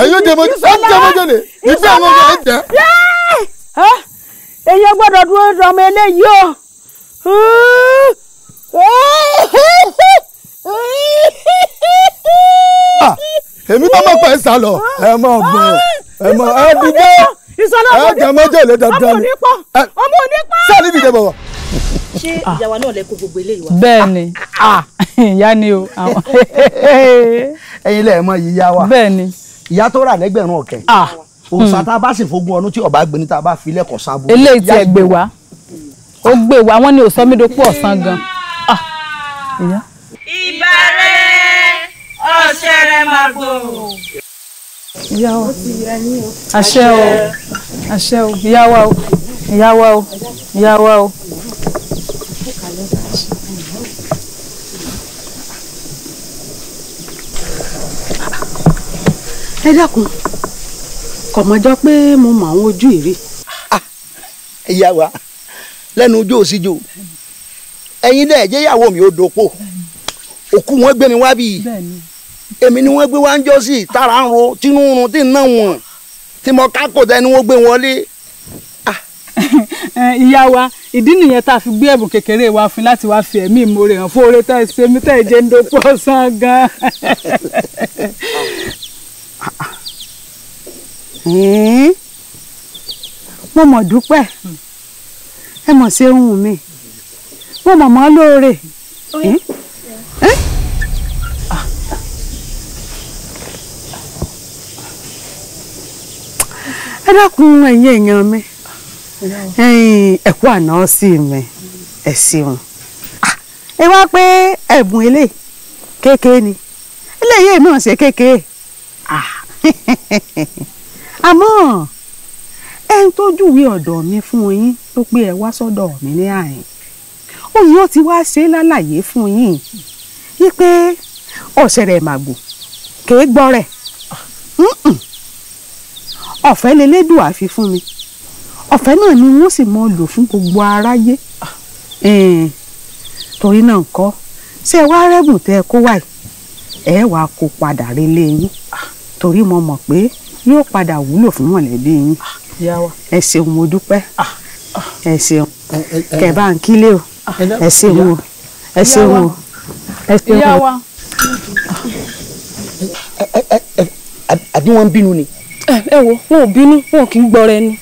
A: ẹ̀yọ́ jẹ májèlé ìfẹ́ àwọn ọmọ ẹ̀ jẹ.
C: èyàn gbọ́dọ̀ dúró ọmọ eléyìí o. èmi bá má pẹ́ sá lọ ẹ mọ̀ ọ̀gbìn ah! ẹ mọ̀ ẹ dúdú ẹ jẹ májèlé dandan ni
A: ọmọ onípọ̀ ọmọ onípọ̀ sẹ́ni fìdí bọ̀wọ̀
C: ṣé ah. ìyàwó náà
A: lẹ kó gbogbo eléyìí wá. bẹ́ẹ̀ ni ah, ah, ìyá ni o. ẹ̀yin lẹ mọ̀ yíyá wa bẹ́ẹ̀ ni ìyá tó rà lẹ́gbẹ̀rún ọ̀kẹ́ òòsàn hmm. tá a bá sì fogun ọdún tí ọba gbẹni tá a bá fi lẹ́kọ̀ọ́ sábò. eléyìí tí ẹ gbé wá ó gbé wá wọn ni òsánmídókù ọ̀sán
C: gan. ìbàrẹ̀ ọ̀sẹ̀ rẹ̀ máa gbò ìyá àṣẹ o àṣẹ o ìyá wa o
A: ẹ dákun kò mọ̀jọ pé mo mọ àwọn ojú ìrí. Ah, ìyá wa lẹ́nu ojú òsíjò ẹ̀yin náà jẹ́ ìyàwó mi ó dopò òkú wọn gbé mi wá bíi èmi ni wọ́n gbé wá ń jọ́ sí tara ń ro tínú ń run tí ń ná wọn tí mo kákò tẹ́ ni wọ́n gbé wọlé. Ah. Eh, ìyá wa ìdí nìyẹn tá a fi gbé ẹ̀bùn kékeré wa fún láti wá fi ẹ̀mí ìmoore hàn fún oore tá ẹ ṣe mí tá ẹ jẹ́ ń dopò ọ̀sán gan
C: mo mọ̀ dúpẹ́ ẹ mọ̀ sí mi mo lóore. ẹ dákun ẹ̀yin èèyàn mi ẹ àná sí mi ẹ ṣeun ah, ẹ wá pé ẹ̀bùn eléyìí kékeré ni eléyìí náà ṣe àmọ́ ẹ ń tójú ìwé ọ̀dọ̀ mi fún yín tó pé ẹ wá sọ́dọ̀ mi ní àyìn òun yóò ti wá ṣe lálàyé fún yín wípé ọ̀sẹ̀ rẹ̀ màgbò kèé gbọ́ rẹ̀ ọ̀fẹ́ lelédùn àfi fún mi ọ̀fẹ́ náà ni wọ́n sì mọ lò fún gbogbo aráyé torí náà kọ́ ṣé ẹ wá rẹ́bùn tẹ́ ẹ kó wáyé ẹ wàá kó padà relé yín torí mo mọ̀ pé yóò padà wúlò fún mọ̀lẹ́bí yín ah, ẹ ṣeun mo dúpẹ́ ah, ah. ẹ ṣeun kẹ̀bá ń kílé o ẹ ṣeun o ẹ ṣeun o ẹ ṣeun o. àbí wọ́n ń bínú ni. ẹ wo wọn ò bínú wọn kì í gbọ́ra ẹni.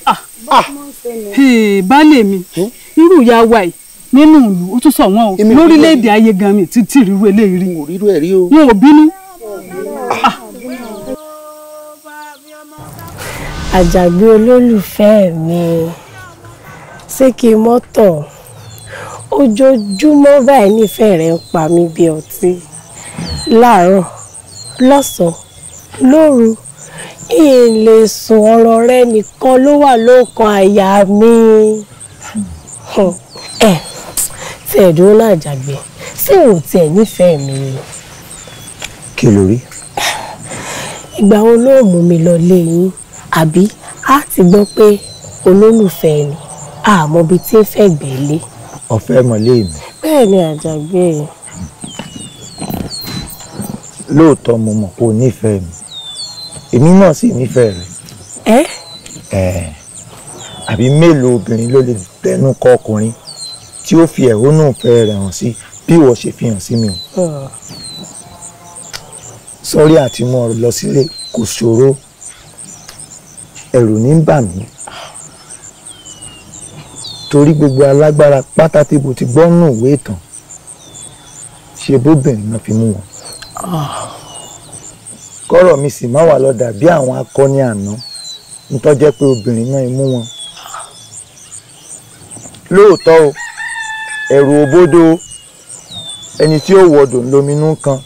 C: baálé mi hm? irú ìyá wa yìí nínú ìlú ó tún sọ wọn o lórílẹ̀‐èdè
A: ayé gan mi títí ìrírú eléyìí rí. n ò bínú.
C: àjàgbé olólùfẹ́ mi ṣé kí mọ́tọ̀ ojoojúmọ́ báyìí nífẹ̀ẹ́ rẹ̀ ń pa mí bí ọtí láàárọ̀ lọ́sàn-án lóru ìyẹn lè sùn ọ̀rọ̀ rẹ nìkan ló wà lóòkan àyà mi ẹ tí ẹ̀dùn náà àjàgbé ṣé ò tiẹ̀ nífẹ̀ẹ́ mi ni. kí ló rí. ìgbà wo ló mú mi lọ lé yín àbí a ti gbọ́ pé olólùfẹ́ ni àmọ́ bíi tí ń fẹ́ gbẹ̀lé.
B: ọ̀fẹ́ mọ̀lẹ́ mi.
C: bẹ́ẹ̀ ni àjàgbé yẹn.
B: lóòótọ́ mo mọ̀ kó o
A: nífẹ̀ẹ́ mi èmi náà sì nífẹ̀ẹ́ rẹ̀. ẹ́ ẹ́ àbí mélòó obìnrin ló lè tẹnu kọ ọkùnrin tí ó fi ẹ̀hónú ìfẹ́ rẹ̀ hàn sí bí ìwọ ṣe fi hàn sí mi o. sọ́rí àti mọ́ ọ lọ sílé kò ṣòro ẹ̀rù ní ń bà mí torí gbogbo alágbára pátá tí mo ti gbọ́ nù ìwé ìtàn
B: ṣe bóbìnrin náà fi mú
A: wọn. kọ́rọ̀ mi sì má wà lọ dàbí àwọn akọni àná nítọ́jẹ́ pé obìnrin náà mú wọn. lóòótọ́ o ẹ̀rù òbódo
B: ẹni tí ó wọdò lóminú kan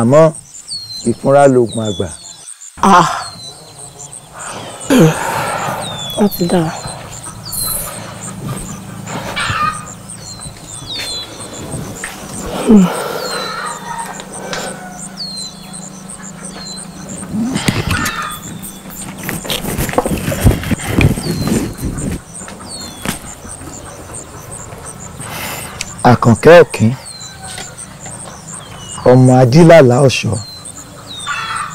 B: àmọ́ ìfúnra lògùn àgbà.
C: Ah ó ti
A: ọ̀kín ọmọ adílàlà ọ̀ṣọ́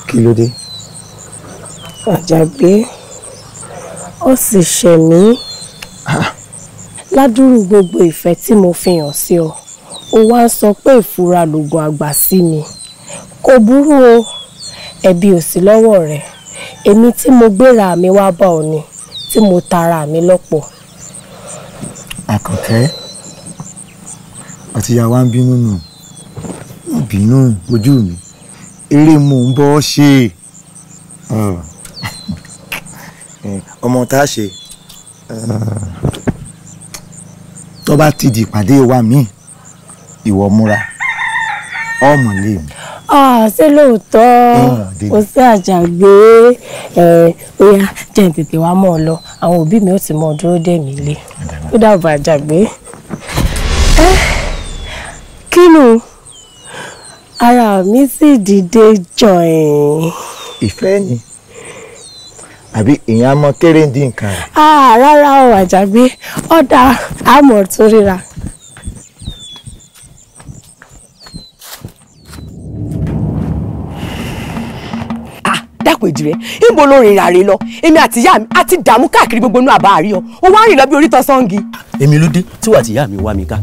A: kí ló dé.
C: àjàgbé ó sì ṣẹ̀ mí ah. ládùúrú gbogbo ìfẹ́ tí mo fi hàn sí ọ ó wá ń sọ pé ìfura lògùn àgbà sí mi kò burú o ẹ̀bi ò sí lọ́wọ́ rẹ̀ èmi tí mo gbéra mi wá bá ọ ni tí mo tara mi lọ́pọ̀. àkànkẹ́
A: àtìyá wa ń bínú nù bínú ojú mi eré mò ń bọ́ ṣe. Ah ọmọ tá a ṣe tó bá ti di ìpàdé wa míì ìwọ múra ọmọ lè mú.
C: ṣé lóòótọ́ kò sí àjàgbé ọ̀yà jẹ́ tètè wá mọ́ ọ lọ àwọn òbí mi ò sì mọ dúró dè mí lé ó dàbọ̀ àjàgbé. kínú ara mi sì dìde jọ̀ìn. ìfẹ́ ni àbí
A: èèyàn mọ kéré ń dín nǹkan.
C: Ah, rárá o àjàgbé ọ̀dà àmọ̀ tó ríra
A: àpèjì rẹ níbo ló rìn ràrè lọ èmi àti ìyá mi àti dààmú káàkiri gbogbo inú àbá àríyọ ó wá rìn lọ bí oríta sọ́ǹgì. èmi ló dé tí wàá ti ìyá mi wá mi ká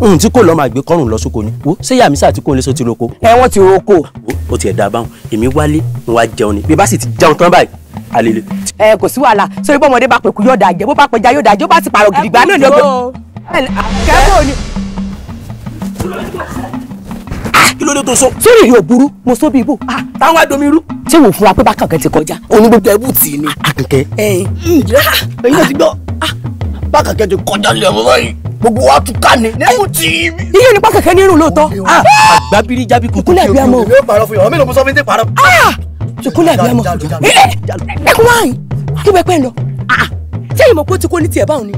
A: ohun tí kò lọ́ọ́ máa gbé kọ́rùn lọ sóko ni wo ṣé ìyá mi sáà tí kò ń lé sọ ti roko. ẹ wọn ti roko. o tiẹ̀ da báwọn èmi wálé n wá jẹun ni bí bá sì ti jẹun tán báyìí alele. ẹ kò sí wàhálà sórí bọ́ ọmọdé bá pẹ̀kú yóò dàjẹ́ bó bá pẹja yóò dàjẹ́ bó bá ti pààrọ̀ gidigba náà ni
C: ó
A: kí ló dé tó so. sórí yóò burú mo so bíi bò. Ah, táwọn adomi rú. ṣé wò fún wa pé bákan kan ti kọjá. òun gbogbo ẹbù tì í ni. àkànkẹ́. ẹyin ẹyin náà ti gbọ́ ah, bákan kan ti kọjá lé ọmọ báyìí gbogbo wa tún ká ni. nínú tí mi. iye nípa kẹ̀kẹ́ ní irun lóòótọ́. Ah, àgbábírí jábí kúkú lẹ́ẹ̀bí àmọ́. mi ò parọ́ fún yàrá mi ló mú sọ́fíńtì parọ́. kúkú lẹ́ẹ̀bí àmọ́. ẹkún wáyìn kí wẹ́pẹ́ ń lọ. ṣé ìmọ̀ kó ti kó ní tiẹ̀ báwọn ni.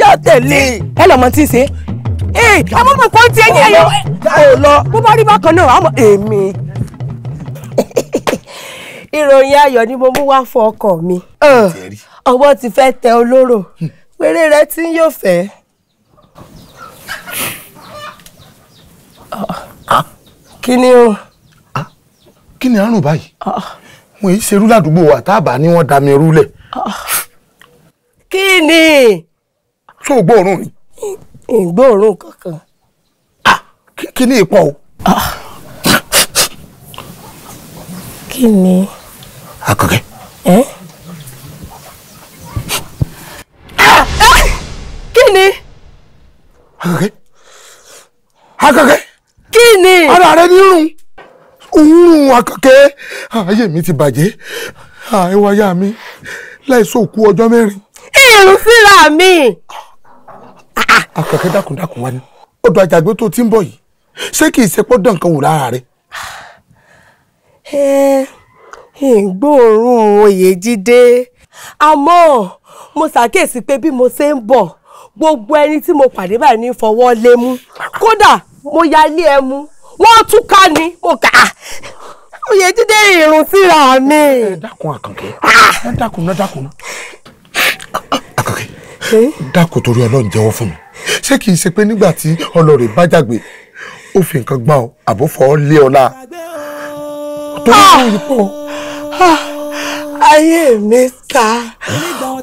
A: yóò tẹ̀lé. ẹ lọ́mọ tí ń ṣe ee àwọn ọmọ kan ti ẹyìn ẹyọ ò lọ bó bá rí bákan náà àmọ́ èmi.
C: ìròyìn ayọ̀ ni mo mú wá fún ọkọ mi ọwọ́ ti fẹ́ tẹ olóró péré rẹ tí ń yóò fẹ́. Ah. kí ni o. Ah.
A: kí ni àrùn báyìí wọn ah. yìí ṣerú ládùúgbò wa tá a bá ní wọn dá mi rú lẹ̀. kí ni. tó o gbọ́ òórùn ni ìgbóòórùn kankan. kí ni ìpọ́n o. kí ni. akọkẹ. kí ni. akọkẹ. akọkẹ. kí ni. ara rẹ ní rùn òun akọkẹ ayé mi ti bàjẹ́ àìwáyà mi láìsọ òkú ọjọ́ mẹ́rin. èrò síra mi. Ah akẹ́kẹ́ dákúndákùn wa ni ọ̀dọ̀ àjàgbé tó ti ń bọ̀ yìí ṣé kì í ṣe pọ́ dán nǹkan wò lára rẹ̀.
C: ẹ ń gbóòórùn oyè jíde àmọ́ mo ṣàkíyèsí pé bí mo ṣe ń bọ̀ gbogbo ẹni tí mo pàdé báyìí ní fọwọ́ lé mú kódà mo ya ilé ẹ mú wọ́n tún ká ni mo kà á
A: oyè jíde irun síra mi. ẹ dákun àkànkẹ́ ah! ẹ dákun náà dákun náà eh? àkànkẹ́ dákun torí Ọlọ́run jẹ́wọ́ fún mi ṣé kìí ṣe pé nígbà tí ọlọ́rẹ̀ bá jàgbé ó fi nǹkan gbá ọ àbó fọ́ lé ọ láà
C: tó ní kó yí pọ̀. ayé mi ta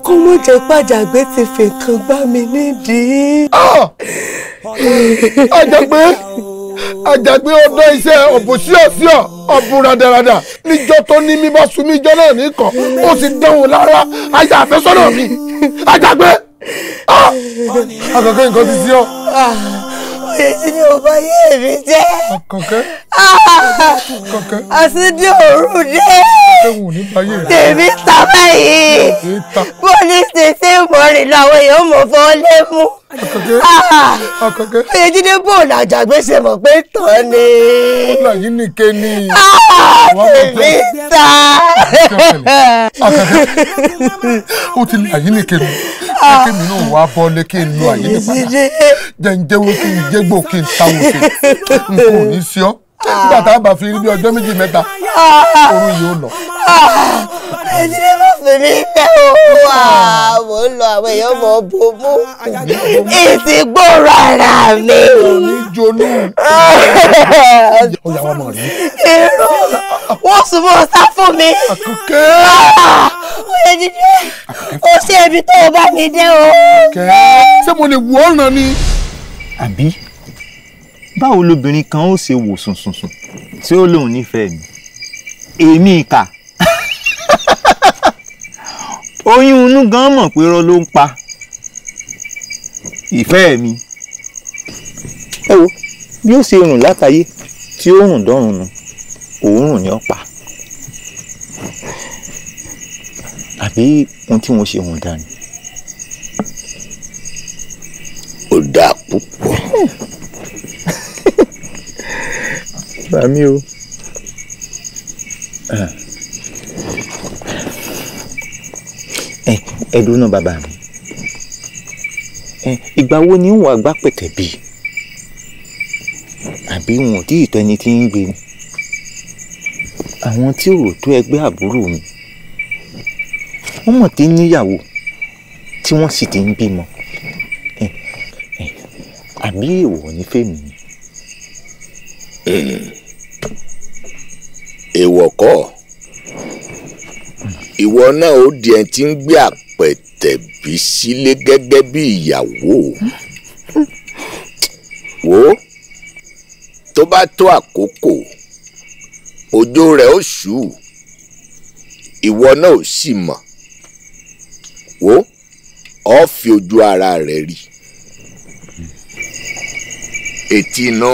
C: kó mọ̀ jẹ́ pàjàgbé ti fi nǹkan gbá mi nídìí. Ah!
A: àjàgbé àjàgbé ọdọ iṣẹ́ ọbùsíọsíọ ọbùn radarada níjọ́ tó ní mi bá sunmi ìjọ náà nìkan ó sì dánwò lára ajá àfẹ́sọ́nà mi àjàgbé. Ah! àkọ́kẹ́ nǹkan ti sí ọ. Ah!
C: oyè tí mi ò bá yé mi jẹ́. àkọ́kẹ́. Ah! àkọ́kẹ́. àṣírí òru dé. ẹ̀wù ní báyé rẹ̀. tèmi ta báyìí. bó ní ṣèṣe ìmọ̀rin làwọn èèyàn mọ̀ fọ́ lé mú. àkọ́kẹ́. àkọ́kẹ́.
A: oyè jíde bóòlù àjàgbèsè mọ̀ pé tán ni. bóòlù yìí nìke ni. tèmi ta. àkọ́kẹ́ o ti lè àyíníke nù kíkìmí náà wá bọ́lé kí n lo àyè nípa jẹ́ ń jẹ́wọ́ kí n jẹ́gbò kí n táwọ̀ kí n kò ní sí ọ́ nígbà tá a bá fi rí bí ọjọ́ méjì mẹ́ta
C: òun yìí ó lọ. ẹni ní bá fi mí fẹ́ o wà ah. ah, mò ń lọ àwọn èèyàn mọ̀ bomú ìsìgbóra ara mi.
A: òní jolú. ọyà wa mọ̀ rí.
C: irú wọ́n sùn mọ́ sá fún mi. àkùkẹ́. Ah. ó yẹ jíjẹ́ ó
A: ṣe ibi tó o bá mi dé o. ṣé mo lè wò ó ràn ni. àbí báwo lobìnrin kan ó ṣe wò sùnsùnsùn tí ó lóun nífẹ̀ẹ́ mi èmi ìkà oyún inú gan
B: mọ̀ pé irọ́ ló ń pa ìfẹ́ mi. ẹ wo bí ó ṣe rùn látàyè tí ó rùn dọ́rùn nu òórùn ni
A: ó pa àbí ohun tí wọ́n ṣe hùn
B: dání. ó dáa púpọ̀ rà mí o. ẹ ẹ
A: dúró bàbá mi ìgbà wo ni ń wà gbá pẹ̀tẹ̀ bí àbí wọn ò tí ì tọ́ ẹni tí ń gbé ni àwọn tí ò rò tó ẹgbẹ́ àbúrò mi wọ́n mọ̀ tí níyàwó
B: tí wọ́n sì ti ń bímọ àbí èèwọ̀ ní fèmí ni. Hmm èèwọ̀ kọ́ ìwọ náà ó di ẹni tí ń gbé àpẹ̀tẹ̀bí sílé gẹ́gẹ́ bí ìyàwó wò ó tó bá tó àkókò òjò rẹ̀ ó ṣú ìwọ náà ò sì mọ̀ wò ó fi ojú ara rẹ̀ rí ètí inú.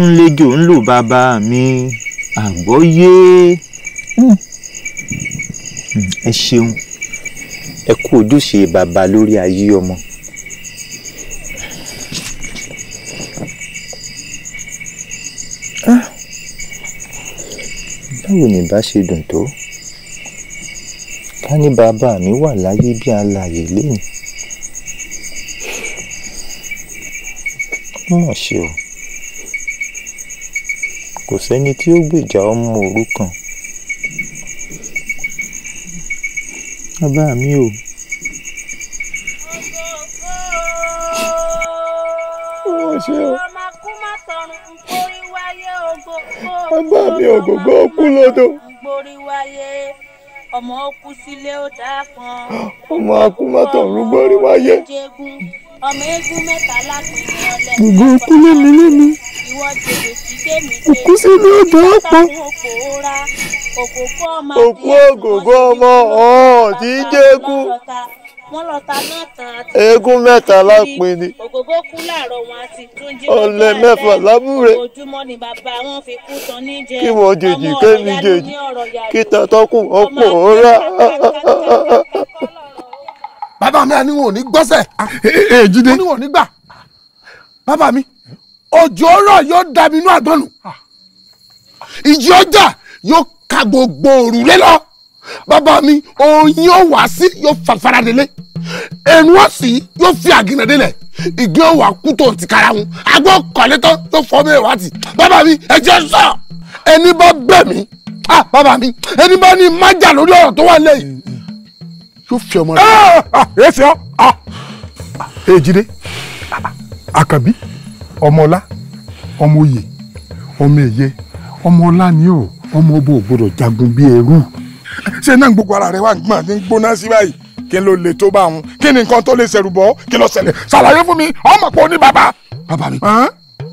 B: ń lejò ń lò bàbá mi àgbọ́yé hmm. Hmm, ẹ ṣeun ẹ kú ojúṣe bàbá lórí ayé ọmọ. Ah. báwo ni bá ṣe dùn tó ká ní bàbá mi wà láyé bí alààyè lẹ́yìn.
A: mọ̀ ṣe o kò sẹ́ni tí ó gbèjà ọmọ
B: òrukàn. bàbá mi ò.
C: ó ṣe o. bàbá mi ò gbogbo kú lódò. ọmọ kú sílé ó dáa kan.
B: ọmọ akúmọ̀tọ̀run gbórí wáyé.
C: ọmọ eégún mẹ́ta lápẹ̀ ní ọlẹ́. gbogbo kú lómi lómi. kwụsịrị ịdụ ọkpụ okwu
A: ogogo ọma ọdị ije egwu
C: eégún mẹ́ta lápinni ọ̀lẹ mẹ́fà lábúre kí wọ́n jèjì kémi jèjì kí
A: tọ́tọ́kùn ọ̀pọ̀ bàbá mi àníwọ̀n ní gbọ́sẹ̀ ah, eh, eh, eh, ò ní gbà bàbá mi. òjò rọ̀ yóò da mi inú àgbọ̀nù ìjì ọjà yóò ka gbogbo òrùlé lọ bàbá mi oyin ó wá sí yóò fàfara délé ẹnu ọ̀sì yóò fi àgìnà délẹ̀ ìgbé òwà kú tó ti kára wọn agbó kọ̀lé tán yóò fọ́ mi ìwà tì bàbá mi ẹ sọ ẹni bá bẹ̀ mí ah bàbá mi ẹni bá ní májà lórí ọ̀rọ̀ tó wà lẹ́yìn yóò fi ọmọ rẹ. ẹ ẹ ẹ fi ọ. ẹ ah, jíde àkàbí ọmọọlá ọmọ òye ọmọ èyẹ ọmọọlá ni o ọmọ ọba ò gbọdọ̀ jagun bíi ẹrú. ṣé náà gbogbo ara rẹ wà gbọ́n àti gbóná sí báyìí kí ló lè tó bá wọn kí ni nǹkan tó lè ṣẹ̀rù bọ́ kí ló ṣẹlẹ̀ ṣàlàyé fún mi ọmọ pọ̀ ní bàbá. bàbá mi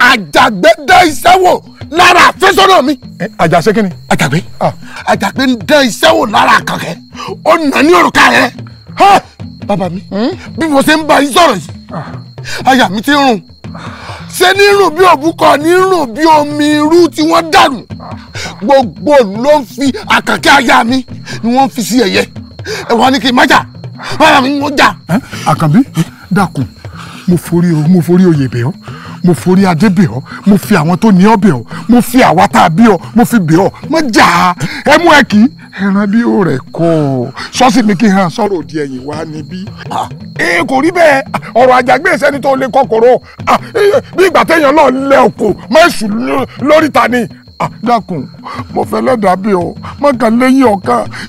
A: àjàgbé dá iṣẹ́ wò lára àfẹ́sọ́nà mi. àjàṣe kí ni. àjàgbé ah. àjàgbé ń dá iṣẹ́ wò lára àkànkẹ́ ó nà ní òrùka rẹ. bàbá mi bí mo ṣe ń bá yín sọ̀rọ̀ yìí àyà ah. mi ti ń rùn ah ṣe ní rùn bí òbúkọ ní rùn bí omi irú tí wọ́n dànù gbogbo ló ń fi àkàkẹ́ aya mi ni wọ́n fi sí ẹ̀yẹ ẹ̀wọ̀n ni kì í má jà báyà mi ni mo jà. àkànbí dákun mo forí oyè bẹ́ẹ̀ ọ́ mo forí adé bẹ̀ ọ́ mo fi àwọn tó ní ọ bẹ̀ ọ́ mo fi àwa tá a bí ọ mo fi bẹ̀ ọ́ mo jà á ẹ mú ẹ kì í ẹran bí ó rẹ̀ kọ́ ọ mi kì hàn sọ̀rọ̀ òdì ẹ̀yìn wá níbí. ẹ kò rí bẹ́ẹ̀ ọ̀rọ̀ àjàgbé ìsẹ́ni tó lè kọkọ̀rọ̀ bí ìgbà téèyàn náà lẹ òkò lóríta ni Ah, dákun mo fẹ́ lẹ́dàá bí o má ọ̀kan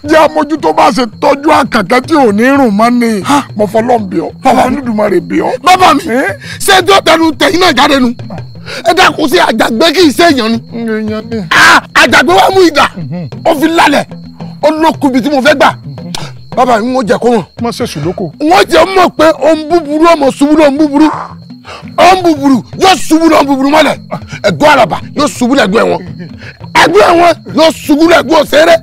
A: jẹ́ amójútó bá ṣe tọ́jú àkàkẹ́ tí ò ní rùn mọ́ ní mo bí ọ bàbá mi Olódùmarè bí ọ. bàbá mi eh? ṣé tí ó tẹnu tẹyin náà jáde nu ẹ dákun sí àjàgbé kì í ṣe èèyàn ni àjàgbé mhm. fi lálẹ̀ ó lókun ibi tí mo fẹ́ gbà mhm. bàbá mi ń wọ́n kó ṣe sùn lóko. wọ́n jẹ́ mọ̀ pé ọ̀nbùbùrù yóò ṣubú lọ ọ̀nbùbùrù mọ́lẹ̀ ẹ̀gbọ́n àràbà yóò ṣubú lẹ́gbẹ́ wọn ẹ̀gbẹ́ wọn yóò ṣubú lẹ́gbẹ́ òṣèré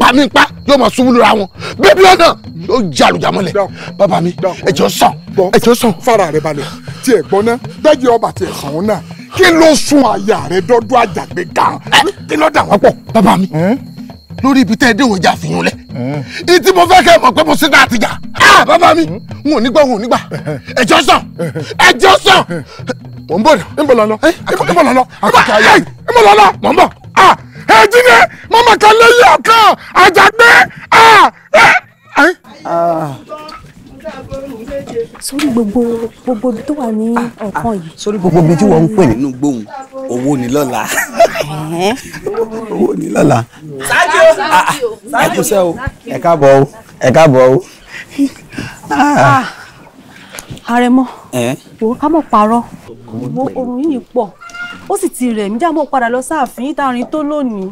A: pàmípa yóò máa ṣubú lura wọn bébí ọ̀nà yóò jẹ àlùjá mọ́lẹ̀ bàbá mi ẹ̀jẹ̀ ó sàn ẹ̀jẹ̀ fara rẹ balẹ̀ tí ẹ gbọ́n náà dájú ọba tí ẹ sàn wọn náà kí ló sun àyà rẹ dọ́dọ́ àjàgbé gan kí ló dà wọ́pọ̀ bàbá mi lórí ibi tẹ́ ẹ dé òjà fìyàn lẹ̀ ní tí mo fẹ́ kẹ́ ẹ mọ̀ pé mo sí náà àtijọ́ bàbá mi n ò ní gbà n ò ní gbà ẹjọ́ sàn ẹjọ́ sàn mò ń bọ̀ ní bọ̀ lọ́lọ́ ní bọ̀ lọ́lọ́ ní bọ̀ lọ́lọ́ mò ń bọ̀ ẹ jíde mọ́mọ́ kan lẹ́yìn ọ̀kan àjàgbé
C: sórí gbogbo gbogbo ibi tó wà ní ah, ah, ọ̀kan yìí. sórí gbogbo ibi tí wọ́n ń pè
A: nínú gbóhùn owó ni lọ́la owó ni lọ́la.
C: sáájú o sáájú
A: ah, o ẹ káàbọ̀ o ẹ káàbọ̀ o.
C: àrẹ̀mọ wò ká mọ̀ parọ́ mo orun yìí pọ̀ ó sì ti rẹ̀ mí já mọ̀ padà lọ sáàfin ìtàrin tó lónìí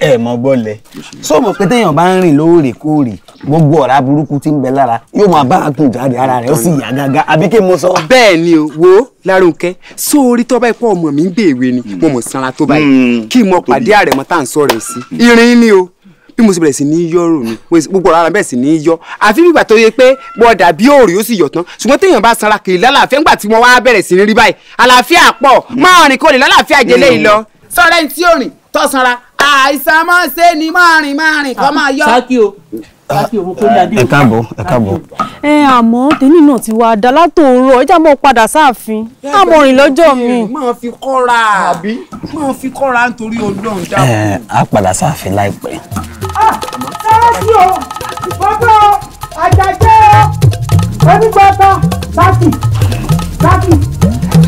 A: ẹ mọ gbọ́lẹ̀ so mọ̀ pé téèyàn bá ń rìn lóòrèkóòrè gbogbo ọ̀rá burúkú tí ń bẹ lára yóò máa bá àgùn jáde ara rẹ̀ ó sì yá gágá àbí kí mo sọ. bẹ́ẹ̀ ni o wo lárúnkẹ́ sóorí tó bá ipò ọmọ mi ń gbèwé ni mo mọ̀ sanra tó báyìí hmm, kí mo pàdé àrẹ̀mọ tá à ń sọ̀rọ̀ sí irin ni o bí mo sì bẹ̀rẹ̀ sí ní yọ rò ní gbogbo ara bẹ̀rẹ̀ sí ní yọ àfi bí ìgbà tó yẹ pé bọ́ọ̀dà bí òòrì ó sì yọ̀ tán ṣùgbọ́n téèyàn bá sanra kiri lálàáfíà ńgbà tí wọ́n wá bẹ̀rẹ̀ sí ní rí báyìí àlàáfíà pọ̀ máa rìn kò lè lálàáfíà jẹlé yìí lọ hmm. sọ̀rọ̀ ẹni tí ò rìn tó sanra àìsàn máa ṣe ni máa rìn máa rìn kọ́ ah, máa yọ. sákì o sákì o mo kó dáadé o. ẹ káàbọ̀ ẹ káàbọ̀.
C: ẹ àmọ́ tèmi náà ti wá dá látòórọ̀ ọjà mo padà sáàfin àmọ́ rìn lọ́jọ́ mi. máa
A: fi kọ́ra àbí máa fi kọ́ra nítorí ọlọ́run dáàbò. ẹ á padà sáàfin láìpẹ́. sáàkì ah, o bàbá àjàjẹ́ onígbàgbà sáàkì sáàkì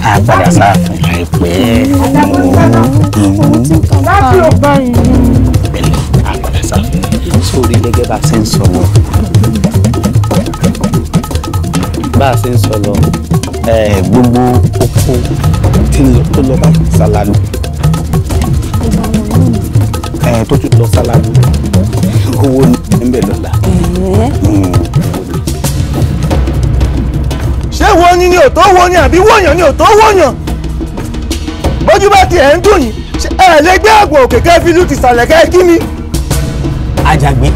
A: a padà sáàfin láìpẹ́ láti ọgbà yìí pẹ̀lẹ́ a padà sáàfin sórí gẹ́gẹ́ bá a ṣe ń sọ lọ bá a ṣe ń sọ lọ gbogbo oko tí ń lọ tó lọ bá ṣàlàlù tó tún lọ ṣàlàlù owó níbẹ̀ lọ́la ṣé wo ni ni ò tó wo ni àbí wòyàn ni ò tó wòyàn bójú bá tiẹ̀ ń dùn yín ẹ lè gbé àgbọ̀n òkè kẹfìlú ti sàlẹ̀ kẹ́ kí mi. àjàgbé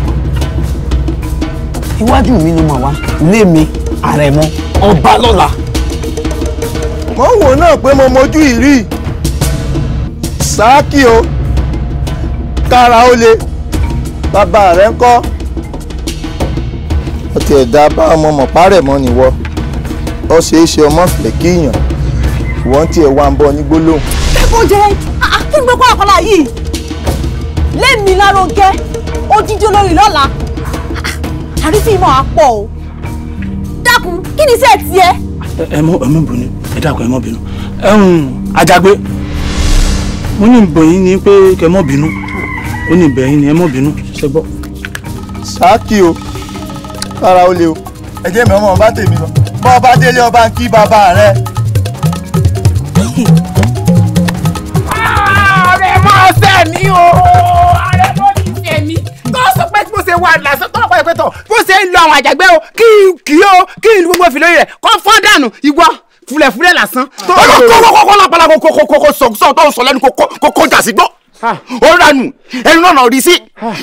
A: iwájú mi ló mà wá lémi àrẹ̀mọ ọba lọ́la. mo ń wò náà pé mo mojú ìrí sáàkì o kára ó le bàbá rẹ̀ ń kọ́. ó ti ẹ̀dá bá ọmọ mọ̀ párẹ̀ mọ́ ni ó ṣeé ṣe ọmọ fẹ́ kíyàn wọ́n tiẹ̀ wá ń bọ ní gbólóhùn.
C: kẹ́kọ̀ọ́ jẹ́ kí n gbogbo àkọlà yìí lẹ́mìí lárugẹ odidi olórí lọ́la àrífì ìmọ̀ àpọ̀ o dákun kí ni iṣẹ́ tiẹ̀.
A: ẹ mọ ẹ mọ bínú ẹ dákun ẹ mọ bínú ẹhùn ajagbe mo ní ìbòyín ni pé kẹ mọ bínú ó ní ìbẹ̀yìn ni ẹ mọ bínú ṣe gbọ́. sáà kí o kára ó le o ẹ jẹ́ mi ọmọ ọba tèmi lọ bọ́ ọba délé ọba kí bàbá rẹ. ààrẹ máa ṣẹ̀ mí o ààrẹ mọ́ ní tẹ̀mí tó sọ pé mo ṣe wà lásán tó ọ̀pọ̀ ìpẹ́tọ̀ bó ṣe ń lo àwọn àjàgbé o kí n kì í o kí n gbogbo fìlóyè rẹ̀ kọ́ fọ́ dànù ìwọ fúlẹ̀fúlẹ̀ lásán. kókó kókó kókó lápá lápá kókó kókó sọ̀ tó ń sọ lẹ́nu kókó kókó jà sí gbọ́ ó ranù ẹnu náà rí sí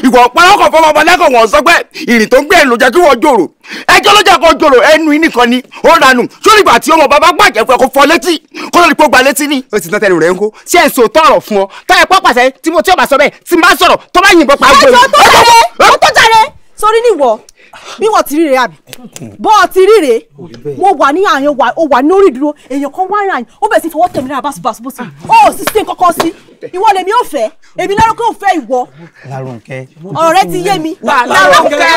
A: ìwọ ọ̀pọ̀lọpọ̀ fọmọ ọmọlẹ́kọ̀ọ́ wọn sọ pé ìrìn tó ń gbé ẹnu ló jẹ́ kí wọ́n jòrò ẹjọ́ ló jẹ́ kó jòrò ẹnu yìí nìkan ni ó ranù sórí ìgbà tí ọmọ bàbá gbàjẹ́ fún ẹ kó fọ létí kó lórí kó gba létí ni. ó ti tán tẹnu rẹ ń kó ṣé ẹ ń sọ tọrọ fún ọ táyà pọ pàṣẹ tí mo tí ò bá sọ bẹ́ẹ̀ tí n bá sọ̀rọ̀ tó bá yìnbọn pa á gbé mi. ẹ sórí níwọ bí wọ́n ti ríre àbí bọ́ ọ ti ríre mo wà ní àyàn wà ó wà ní orí ìdúró èèyàn kan wá ń ràn ó bẹ̀rẹ̀ sí fọwọ́ tẹ̀mí náà báṣubàṣu bó sì ó sì sí kọ́kọ́ sí ìwọ lèmi ò fẹ́ èmi lárúkẹ́ ò fẹ́ ìwọ. Lárúnkẹ́. ọ̀rọ̀ rẹ ti yé mi. Lárúnkẹ́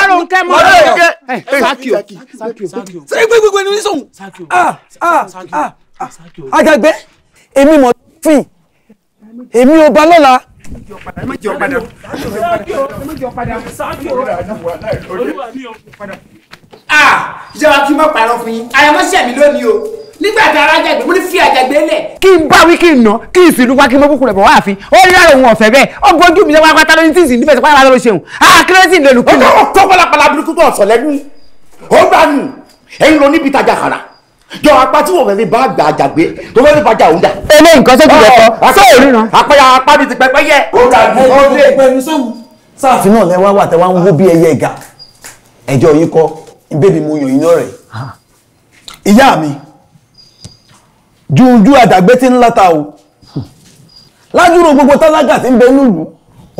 A: Lárúnkẹ́ mo rẹ yẹ. sákìó sákìó ṣé gbégbégbé ni sóhun. Ah, ah, ah, àgàgbé èmi mọ̀ fín èmi ò balẹ̀ la ẹ má jẹ́ ọ̀padà ẹ má jẹ́ ọ̀padà ìjọba kí n má parọ́ fún yín àyàmọ́sẹ̀ mi lónìí o nígbà tí ara jàgbé mo ní
C: fi àjàgbé lẹ̀.
A: kí n bá wí kí n nà kí n sì lu wá kí n mọ búkú rẹ bọ̀ wá àfin ó rí àrò òun ọ̀fẹ́ bẹ́ẹ̀ ọgbọ́n ojú mi wá pátá lórí tíìsì nífẹ̀ẹ́ sọ́kọ́ àbálọ́ ṣeun àkírẹ́sì lè lù kí n. ó tọ́wọ́ tó pálapàla burúkú tó ọ̀sọ̀ lẹ́nu ó gbà nù ẹ̀yin lọ níbi ìtajà kàrà jọ apá tí wọn fẹẹ fi bá àgbà àjàgbé tó fẹẹ fi bá àjà òun dà. ẹlẹ́ nǹkan tó kìlọ̀ kọ́ ṣé ah, ò ríran. àpẹyà apá mi ti pẹpẹ yẹ. ó dà bí ó dé pẹ̀lú sóhun. sáàfin náà lẹ́wọ́ wà tẹ́wọ́ ń wó bí ẹyẹ ìgà ẹjọ́ yìí kọ́ bébí mo yàn iná rẹ̀. Ah. ìyá mi juju àdàgbé ti ń láta o lájúrò gbogbo tálákà ti ń bẹ nílùú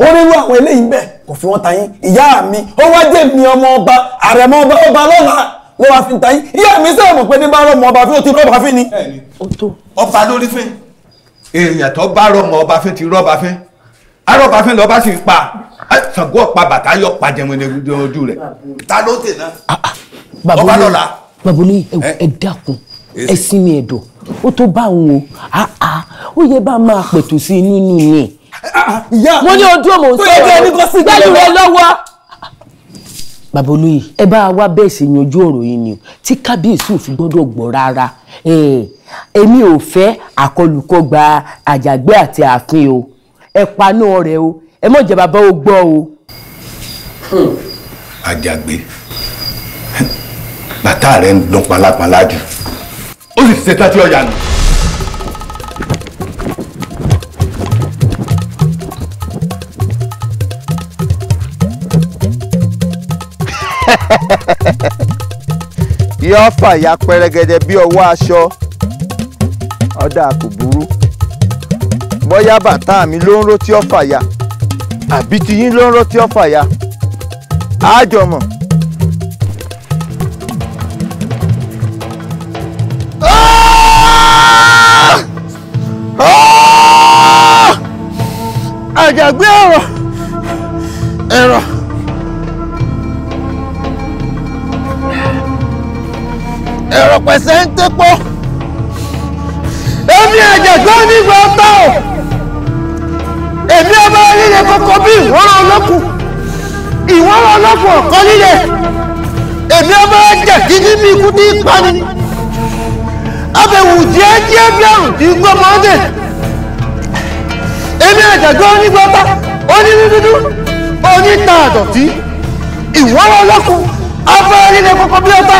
A: onírú àwọn eléyìí bẹ́ẹ̀ kò fi wọ́n ta yín ìyá mi ó wá jẹ́ mi ọmọ ọba àrẹ̀mọ ọba ọba lọ́la ló wá fi ń ta yín ìyá mi sẹ́yìn mọ̀ pé ní bá rọmọ ọba fún ti rọba fún ni. ọba lórí fún èèyàn tó bá rọmọ ọba fún ti rọba fún arọba fún lọba sì ń pa Ṣàngó ọ̀pá bàtà yọ pa jẹmọ̀lẹ́ ojú rẹ̀ ta ló tè náà ah, ah. ọba lọ́la. babolí ẹ dákun ẹ sinmi ẹ̀dọ̀ ó tó bá òun o ah, ó yẹ bá máa pẹ̀tù sí inú nìyẹn. wọ́n ní ojú ọmọ òun sọ̀rọ̀ pẹ̀lú rẹ lọ́wọ́ bàbá olóyè ẹ bá wa bẹ́ẹ̀ sì yanjú ọ̀rọ̀ yìí ni tí kábíyèsí ò fi gbọ́dọ̀ gbọ́ rárá eh, èmi ò fẹ́ àkọlùkọgba àjàgbé àti ààfin o ẹ paná rẹ o ẹ mọ̀ jẹ́ bàbá o gbọ́ o.
B: Hmm. àjàgbé
A: bàtà rẹ ń dún palápalá jù ó sì ti ṣe tá tí ọjà nù. yọ fàyà pẹrẹgẹdẹ bí ọwọ aṣọ ọ̀dà kò burú bọyá bàtà mi ló ń ró tí ó fàyà àbí tiyín ló ń ró tí ó fàyà àjọmọ̀. Ah! Ah! àjàgbé ọ̀rọ̀. ọ̀pẹ̀sẹ̀ ń tẹ́pọ̀ èmi àjàgbọ́n nígbà ọ̀tá o èmi ọba líle kọ́kọ́ bí ìwọ́rọ̀ ọlọ́kù ìwọ́rọ̀ ọlọ́kù ọ̀kọ́ líle èmi ọba jẹ̀kí níbi ikú ní ìpani abẹ̀wò díẹ̀ díẹ̀ bí àrùn tí gbọ́ máa ń dè èmi àjàgbọ́n nígbà ọ̀tá oní dúdú oní ta àdọ̀tí ìwọ́rọ̀ ọlọ́kù abẹ́rẹ́ líle kọ́kọ́ bí ọ̀tá.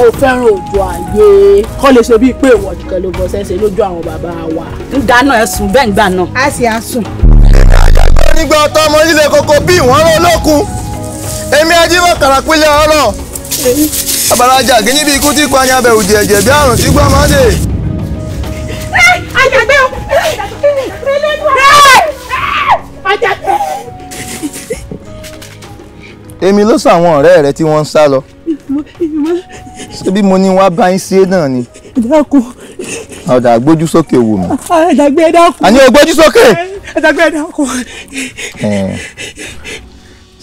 A: ó fẹ́ràn òjò àyè kọ́ lè ṣe bíi pé ìwọ̀n nìkan ló bọ́ sẹ́sẹ̀ lójú àwọn bàbá wa. ń dáná ẹ
C: sùn bẹ́ẹ̀ ń gbà náà. a sì á sùn.
A: nígbà ọ̀tọ̀ ọmọ ilé koko bí ìwọ̀n rán lókun èmi ajímọ̀ kàràpínlẹ̀ ọ̀rọ̀ abalajà kì níbi ikú tí kwanya bẹ̀rù jẹ̀jẹ̀ bí àrùn tí gbọ́ máa dé.
C: àjàgbé o àjàgbé.
A: èmi ló sọ àwọn ọ̀rẹ́ rẹ tí wọ́n ń sá lọ ṣebí mo ní wá bá yín ṣe náà ni. ẹ dákun. ọ̀dà gbójú sókè wò mí. ẹ dàgbé ẹ dákun. àní o gbójú sókè. ẹ dàgbé ẹ dákun.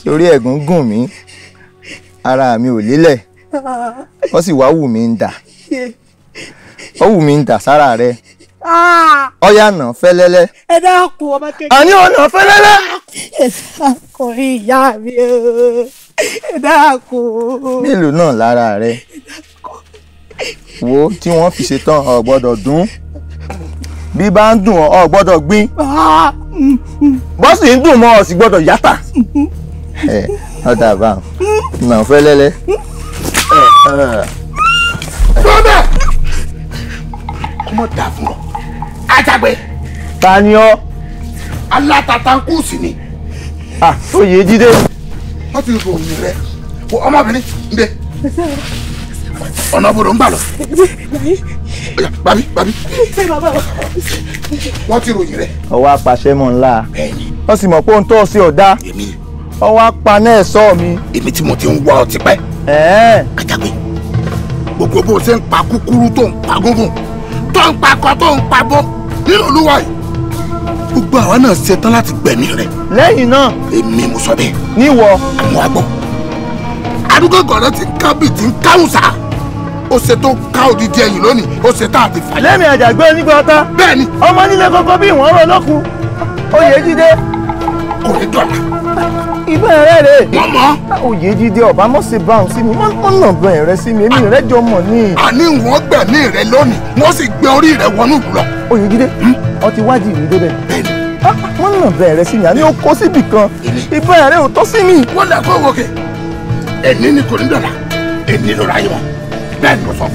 A: sórí ẹ̀gún gùn mí ara mi ò lélẹ̀ wọ́n sì wá wù mí ń dà ó wù mí ń dà sára rẹ̀ ọyà nà fẹ́lẹ́lẹ́.
C: ẹ dákun ọmọ kékeré. àní ọ̀nà fẹ́lẹ́lẹ́. ẹ dákun ìyá mi ooo mélòó
A: náà lára rẹ wo tí wọ́n fi ṣetán ọ gbọ́dọ̀ dún bí bá ń dùn ọ gbọ́dọ̀ gbín bó sì ń dùn mọ́ ọ sì gbọ́dọ̀ yàtà
B: ẹ ọ̀dà bá nà fẹ́ lẹ́lẹ́. bọ́bẹ̀
A: ọmọ dà fún ọ ajagbe. ta ni ọ. alátatakùn sì ni. àtòyè ah, jíde wọ́n ti rò òyìn rẹ wọ ọmọbìnrin ń bẹ ọ̀nà òbòdò ń gbà lọ. bàbí bàbí. wọ́n ti ròyìn rẹ. ọwọ́ apàṣẹ mọ̀ ńlá wọ́n sì mọ̀ pé ohun tó ṣe ọ̀dá ọwọ́ apaná ẹ̀ sọ mi. èmi tí mo ti ń wá ọ tipẹ́. Àjàgbé gbogbo bó ṣe ń pa kúkúrú tó ń pa gógùn tó ń pa kọ tó ń pa bó ní olúwa yìí gbogbo àwa náà ṣetán láti gbẹ̀mí rẹ̀. lẹ́yìn náà. èmi mo sọ bẹ́ẹ̀. níwọ. àwọn àgbọ̀. àdúgbò gọ̀ọ́rọ́ ti ń ká bíi ti ń káwùn sá. ó ṣe tó ká odidi ẹyìn lónìí ó ṣe tá a ti fà. lẹ́mìí àjàgbé onígbà ọ̀tá. bẹ́ẹ̀ni. ọmọ nílé kọ́kọ́ bí ìwọ̀n rọ̀ lọ́kùn. oyè jíde kò ní
C: dọ̀là. ibà rẹ rè. wọ́n mọ̀.
A: oyè jíde ọba mọ̀ sí báwọn sí mi wọ́n nà bẹ̀rẹ̀ rẹ sí mi èmi rẹ jọ mọ̀ ní. àní wọ́n gbẹ̀mí rẹ lónìí wọ́n sì gbé orí rẹ wọnú ìlú lọ. oyè jíde hmm? ọtí wádìí mi débẹ̀. bẹ́ẹ̀ni ah, wọ́n nà bẹ̀rẹ̀ sí mi àní ó kó síbì kan ibà rẹ ò tọ́ sí mi. wọ́n dà kó wọ̀kẹ́ ẹni ni kò ní dọ̀là ẹni ló ráyè wọn bẹ́ẹ̀ ni mo sọ.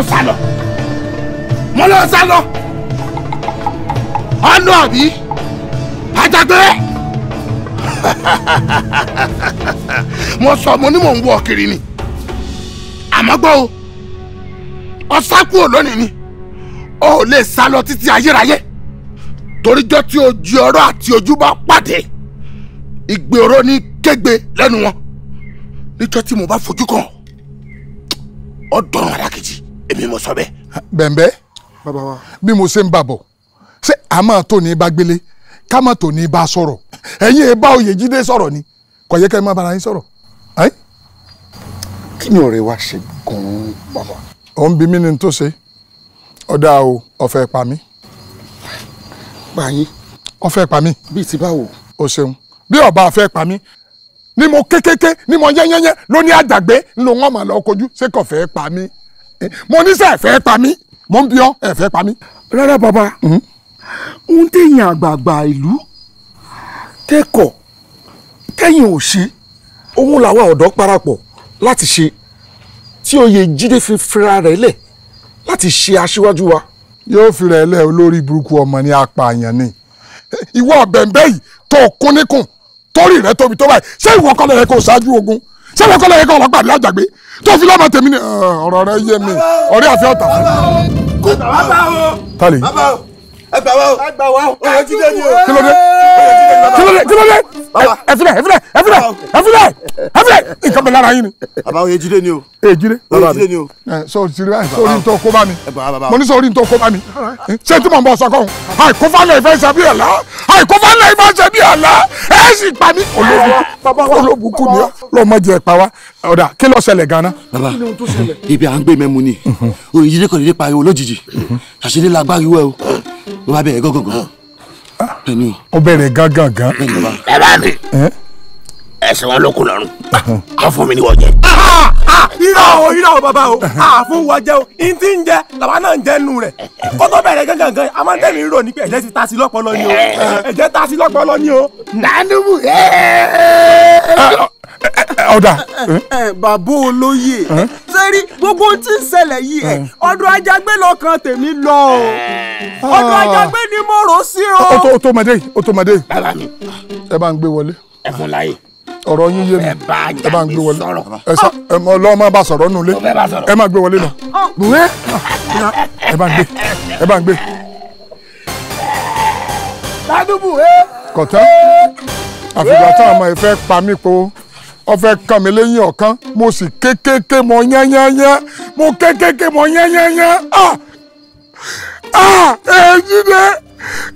A: ọ̀sán lọ mọ́lẹ́ ọ̀sán lọ ọ̀nà àbí
B: àjàgbé mo sọ mo ní mò ń wọ kiri ni àmọ́ gbọ́ o ọ̀sá kúrò lónìí ni
A: o ò lè sá lọ títí ayérayé toríjọ́ tí ojú ọ̀rọ̀ àti ojú bá pàdé ìgbé ọ̀rọ̀ ní kégbe lẹ́nu wọn níjọ́ tí mo bá fojú kàn ọ́ dọ̀rùn alákejì èmi mo sọ bẹ́ẹ̀. bẹ̀m̀bẹ́ bí mo ṣe ń bà bọ̀ ṣé a máa tó ní bá gbélé ká má tó ní bá sọ̀rọ̀ ẹ̀yin ẹ bá Oyèjídé sọ̀rọ̀ ni kò yẹ ká ẹ má bára yín sọ̀rọ̀. kí ni ọ̀rẹ́ wa ṣe gan-an bàbá. ò ń bi mí ni tó ṣe ọ̀dà o ọ̀fẹ́ pa mí. pa yín. ọ̀fẹ́ pa mí. bíi ti báwo. o ṣeun bí ọba ọ̀fẹ́ pa mí ni mo kékeré ni mo yẹ́nyẹ́nyẹ́ ló ní àjàgbé ló ń wọ́n mà lọ kojú ṣé kò fẹ́ pa mí mo ní sẹ́ ẹ̀ fẹ́ pa mí mo ń bí ọ́ ẹ̀ fẹ́ pa mí. rárá bàbá. Mm-hmm ohun téèyàn àgbààgbà ìlú kẹ́kọ̀ọ́ kẹ́yìn ò ṣe òun làwa ọ̀dọ́ parapọ̀ láti ṣe tí oyè jíde fi fira rẹ̀ lẹ̀ láti ṣe aṣíwájú wa. yóò fira ẹ lẹ olórí burúkú ọmọ ní apààyàn ni ìwọ ọ̀bẹ̀ǹbẹ̀ yìí tó kún níkùn torí rẹ tóbi tó báyìí ṣé ìwọ kọ́ ló yẹ kó ṣáájú ogun ṣé ìwọ kọ́ ló yẹ kó ọlọ́pàá àbí àjàgbé tó fi lọ́mọ tèmi ni ọ̀rọ̀ rẹ yé mi ọ̀rẹ́ àfi ọ̀tà. kú ẹgbà wa o ẹgbà wa o ọyọ jíjẹ ni o kílódé kílódé kílódé ẹfilẹ ẹfilẹ ẹfilẹ ẹfilẹ ẹfilẹ ìkànnì lára yín ni. bàbá o yẹ jíde ni o. ee jíde bàbá mi ẹ sọ siri báyìí sọ orí ntọ́ kó bá mi mo ní sọ orí ntọ́ kó bá mi ṣé tí mo ń bọ̀ sọ kọ́ àì kó fánà ìfẹ́ ṣe bí ẹ̀la àì kó fánà ìfẹ́ ṣe bí ẹ̀la ẹ̀ sì pa mí. olóògùn kù ni lọ́mọ jẹ ẹ̀pá wa ọ̀dà kí ló ṣẹlẹ̀ gan-an. bàbá ibi à ń gbé mẹ́mu ni òyìnbó kò ní pariwo lójijì àṣírí la gbá irú ẹ o ló bá bẹ̀rẹ̀ gángan. Ah, ó bẹ̀rẹ̀ gángan gan. ẹ bá mi ẹsẹ̀ wọn ló kù lọ́rùn kọ́ ah. fún mi ní wọ́n jẹ. Ah, irọ́ o irọ́ o bàbá o àfún wa jẹ o n ti ń jẹ làwa náà ń jẹ nù rẹ̀ kó tó bẹ̀rẹ̀ gángan gan a máa ń tẹ̀lé irọ́ ní pé ẹ̀jẹ̀ ti ta sí lọ́pọ̀lọ́ ni o eh. ẹ̀jẹ̀ ta sí lọ́pọ̀lọ́ ni o. nanubu ọ̀dà. Eh, eh, eh, bàbá olóye sẹ́rí gbogbo ohun tí ń ṣẹlẹ̀ yìí ẹ̀ ọ̀dọ̀ ajagbé lọ́kàn tèmi lọ o ọ̀dọ̀ ah. ajagbé ni mo rò sí o. o tó mọ̀dé o tó mọ̀dé ẹ bá ń gbé wọlé. ẹ fún láyè ọ̀rọ̀ yín yé mi ẹ bá ń gbé wọlé ẹ mọ
B: ọlọ́wọ́ máa bá sọ̀rọ̀ nù lé
A: ẹ máa gbé wọlé lọ ah, bùrẹ́ ah, ẹ bá ń gbé ẹ bá ń gbé. ládùbù ẹ. kọ̀tán àfìgbà táwọn ọmọ ẹ pa mí po ọfẹ kàn mí lẹ́yìn ọ̀kan mo sì kékeré mọ yányányá mo kékeré mọ yányányá ah ah èyí dé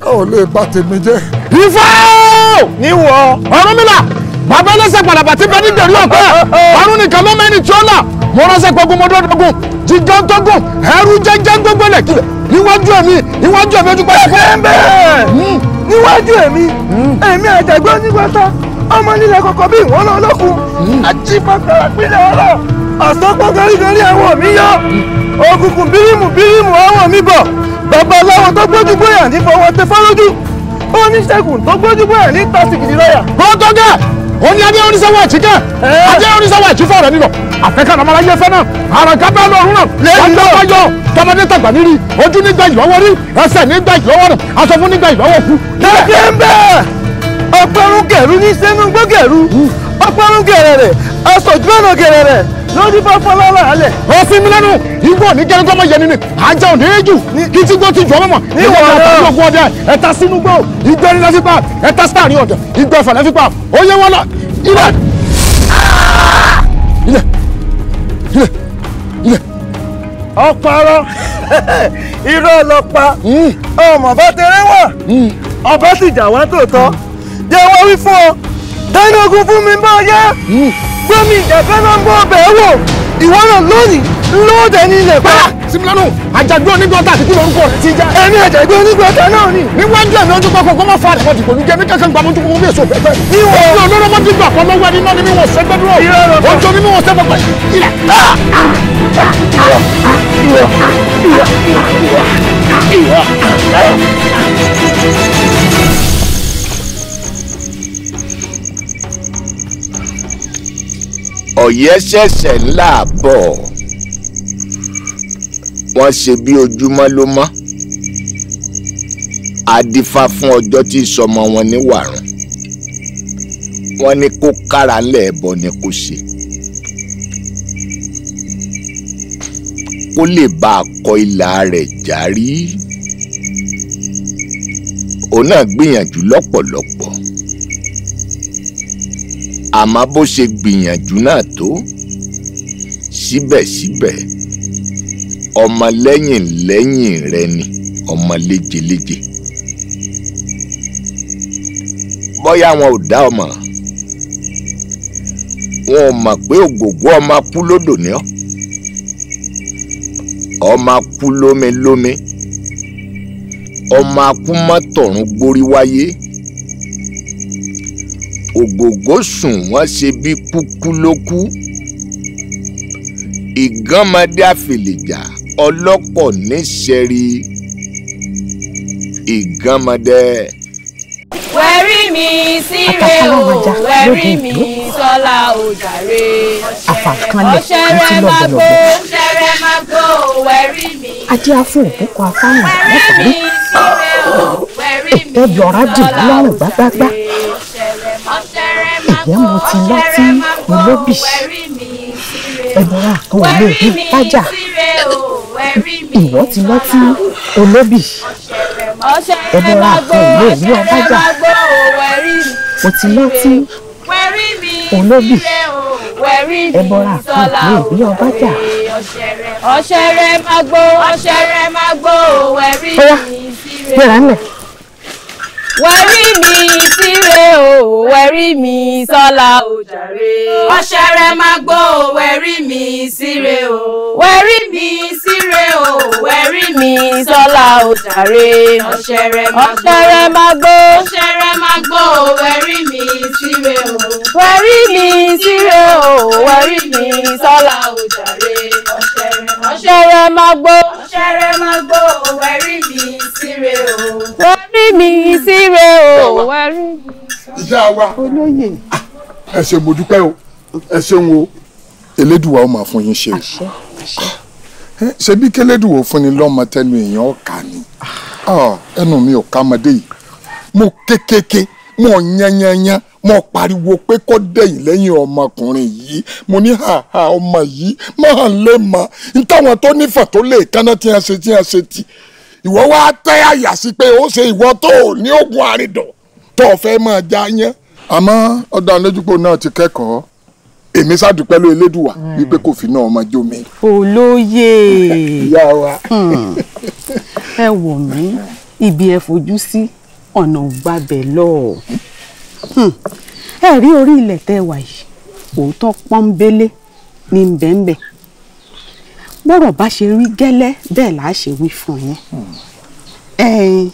A: ò lè bà tèmi jẹ́. Ifá níwọ Ọ̀rúnmìlà bàbá ẹlẹ́sẹ̀ pàdàbà tí bẹ́ẹ̀ ní dẹ̀rí ọ̀pẹ́ ọ̀run nìkan ló mẹ́ni tí ó là mo ránṣẹ́ pẹ́gun mo dọ́dọ́gùn jíjọ́ tógùn ẹrú jẹ́jẹ́ gbogbo ilẹ̀ kílẹ̀ níwájú èmi níwájú èmi ojú pàṣẹ fún mi. Hmm. níwájú èmi hmm. èmi àjàgbé onígbàtà ọmọ nílẹ̀ kọ̀kọ́ bí ìwọ́n lọ lọ́kùn hmm. àjífọ́kọ̀ọ́ ìpínlẹ̀ ọlọ́ ọ̀sán pọ́n gọ́rígọ́rí àwọn mi yọ òkùnkùn bírímù bírímù àwọn mi bọ̀ bàbá aláwọ̀ tó gbójú bóyà ní fọwọ́ tẹ fọ́lójú oníṣègùn tó gbójú bóyà ní tásìkìtì lọ́yà. gbọ́dọ̀gà ó ní adé oníṣẹ́wọ̀ àtìkẹ́ adé oníṣẹ́wọ̀ àtìfọ́ rẹ̀ nílọ àfẹ́kẹ́ ọmọláyé fẹ́ náà àràǹká bẹ́ẹ̀ lọ́rùn náà lẹ́yìn lọ́wọ́ tọmọdé tàgbà nírí ojú nígbà ìlọ́wọ́ rí ẹsẹ̀ nígbà ìlọ́wọ́ rẹ̀ aṣọ fún nígbà ìlọ́wọ́ kú. lẹ́kẹ̀ẹ́ bẹ́ẹ̀ ọpẹrun gẹrú ní sẹnu gbọ gẹrú ọpẹrun gẹrẹrẹ aṣojú ọ̀nà gẹrẹrẹ lórí bá fọlá làálẹ̀. ọ̀sìn mi lẹ́nu ìwọ ní gẹ́gẹ́ tọ́mọ yẹn nínú àjà òde jù kí tí gbó ti jọ mọ́mọ́ níwọ̀n náà tàbí ogun ọdẹ ẹ̀ta sínú gbó ìgbẹ́ nílá fipá ẹ̀ta sáàrin ọ̀dọ̀ ìgbẹ́ ìfàlẹ́ fipá ó yẹ wọn lọ ilẹ̀ ilẹ̀ ilẹ̀ ilẹ̀. ọ̀pọ̀rọ̀ irọ́ lọ pa hmm. ọmọ bá tẹrẹ wà hmm. ọbẹ̀ sì jà wá tòótọ́ jẹ́ wọ́n wí fún ọ dáná ogun fún mi bá yá gbómi ìjàfẹ́ náà ń gbọ́ ọbẹ̀ wò ìwọ náà lónìí lóòdẹ ní ilẹ̀ pa. similanu àjàgbé onígbọ́tà àti kílò orúkọ rẹ̀ ti já. ẹni àjàgbé onígbọ́tà náà ni. níwájú ẹ̀mí ọdún kọ́kọ́ kọ́ máa fa àlẹ́ ọdún pẹ̀lú jẹ́mi kankan gbàmọ́ tó kọ́kọ́ bí èso pẹ̀pẹ́. ìwọ ìwọ olóró mọ́ ti gbà pọ̀ lọ́wọ́ ẹni náà ni mi wọ̀ sẹ́gbẹ́ dúró. ojú ni mi wọ̀
C: sẹ́gbẹ́ pẹ̀. ilẹ̀. ìwọ
B: ọ̀yẹ́ ṣẹ̀ṣẹ̀ ńlá bọ̀ wọ́n ṣe bí ojúmọ́ ló mọ́ adífá fún ọjọ́ tí ìsọmọ wọn ní wàrùn wọ́n ní kó kára ńlẹ̀ ẹ̀bọ ni kó ṣe kó lè bá a kọ ilà rẹ̀ járí òun náà gbìyànjú lọ́pọ̀lọpọ̀ àmọ́ bó ṣe gbìyànjú náà tó síbẹ̀síbẹ̀ ọmọ lẹ́yìn lẹ́yìn rẹ ni ọmọ léjeléje bóyá wọn ò dá ọmọ wọn ò mọ̀ pé ògògbó ọmọ kú lódò ní ọ ọmọ kú lómi lómi ọmọ akú mọ́tọ̀rún gborí wáyé ògògó sùn wọ́n ṣe bí kúkú ló kú ìgánmọdé àfìlìjà ọlọ́pọ̀ níṣẹ́rí ìgánmọdé.
C: wẹ́rí mi síre o wẹ́rí mi sọ́la òjàre ọ̀ṣẹ̀rẹ̀ má gbó ọ̀ṣẹ̀rẹ̀ má gbó wẹ́rí mi. ajé afọ òkúkọ afáhùn lọ́kùnrin ẹ̀ẹ́dọ̀rá dì lọ́rùn gbágbágbá ìyẹn mo ti láti olóbì ẹ̀bùrà kan ò lè rí tájà ìwọ ti láti olóbì ẹ̀bùrà kan ò lè rí o ti láti olóbì ẹ̀bùrà kan ò lè rí ọ̀sẹ̀ rẹ̀ máa gbó ọ̀sẹ̀ rẹ̀ máa gbó òwẹ́rì mi sí rẹ̀ wẹ̀rí mi síre o wẹ̀rí mi sọ́la o jàre. ọ̀ṣẹ̀rẹ̀ máa gbó o wẹ̀rí mi síre o wẹ̀rí mi síre o wẹ̀rí mi sọ́la o jàre. ọ̀ṣẹ̀rẹ̀ máa gbó ọ̀ṣẹ̀rẹ̀ máa gbó o wẹ̀rí mi síre o wẹ̀rí mi síre o wẹ̀rí mi sọ́la o jàre. ọ̀ṣẹ̀rẹ̀ máa gbó ṣẹrẹ máa gbó wẹrí mi síre o. wẹrí mi síre o wẹrí mi. ìyá wa olóyè
A: ẹ ṣe mo dúpẹ́ o ẹ ṣeun o elédùwà ó máa fún yín ṣe o ṣe bí kélédùwà fún ni lọ́mọ tẹnu èèyàn ọ̀kà ni ah, ẹnu mi ò ká ọmọdé yìí mo kékeré mo yányányán mo pariwo pé kó dẹ̀yìn lẹ́yìn ọmọkùnrin yìí mo ní haha ọmọ yìí máa ń lé ma n táwọn tó nífà tó lè kaná tí a ṣe tí a ṣe tì ìwọ wá tẹ́ àyà sí pé ó ṣe ìwọ tó ní oògùn àrídọ̀ tó o fẹ́
B: máa já yẹn. àmọ́ ọ̀dọ̀ àlejòpọ̀ náà ti kẹ́kọ̀ọ́ èmi ṣàdúpẹ́ ló elédùwà hmm. wípé kò fi náà ọmọ jó mi.
C: olóye ìyá wa. Hmm. ẹ wò mí ibi ẹ fojú sí ọ̀nà ò gbàbẹ̀ Hmm. ẹ rí orí ilẹ̀ tẹ́ wà yìí òótọ́ pọ́nbélé ní bẹ́ẹ̀nbẹ́ bọ́rọ̀ bá ṣe rí gẹ́lẹ́ bẹ́ẹ̀ là á ṣe wí fún yín ẹ̀yin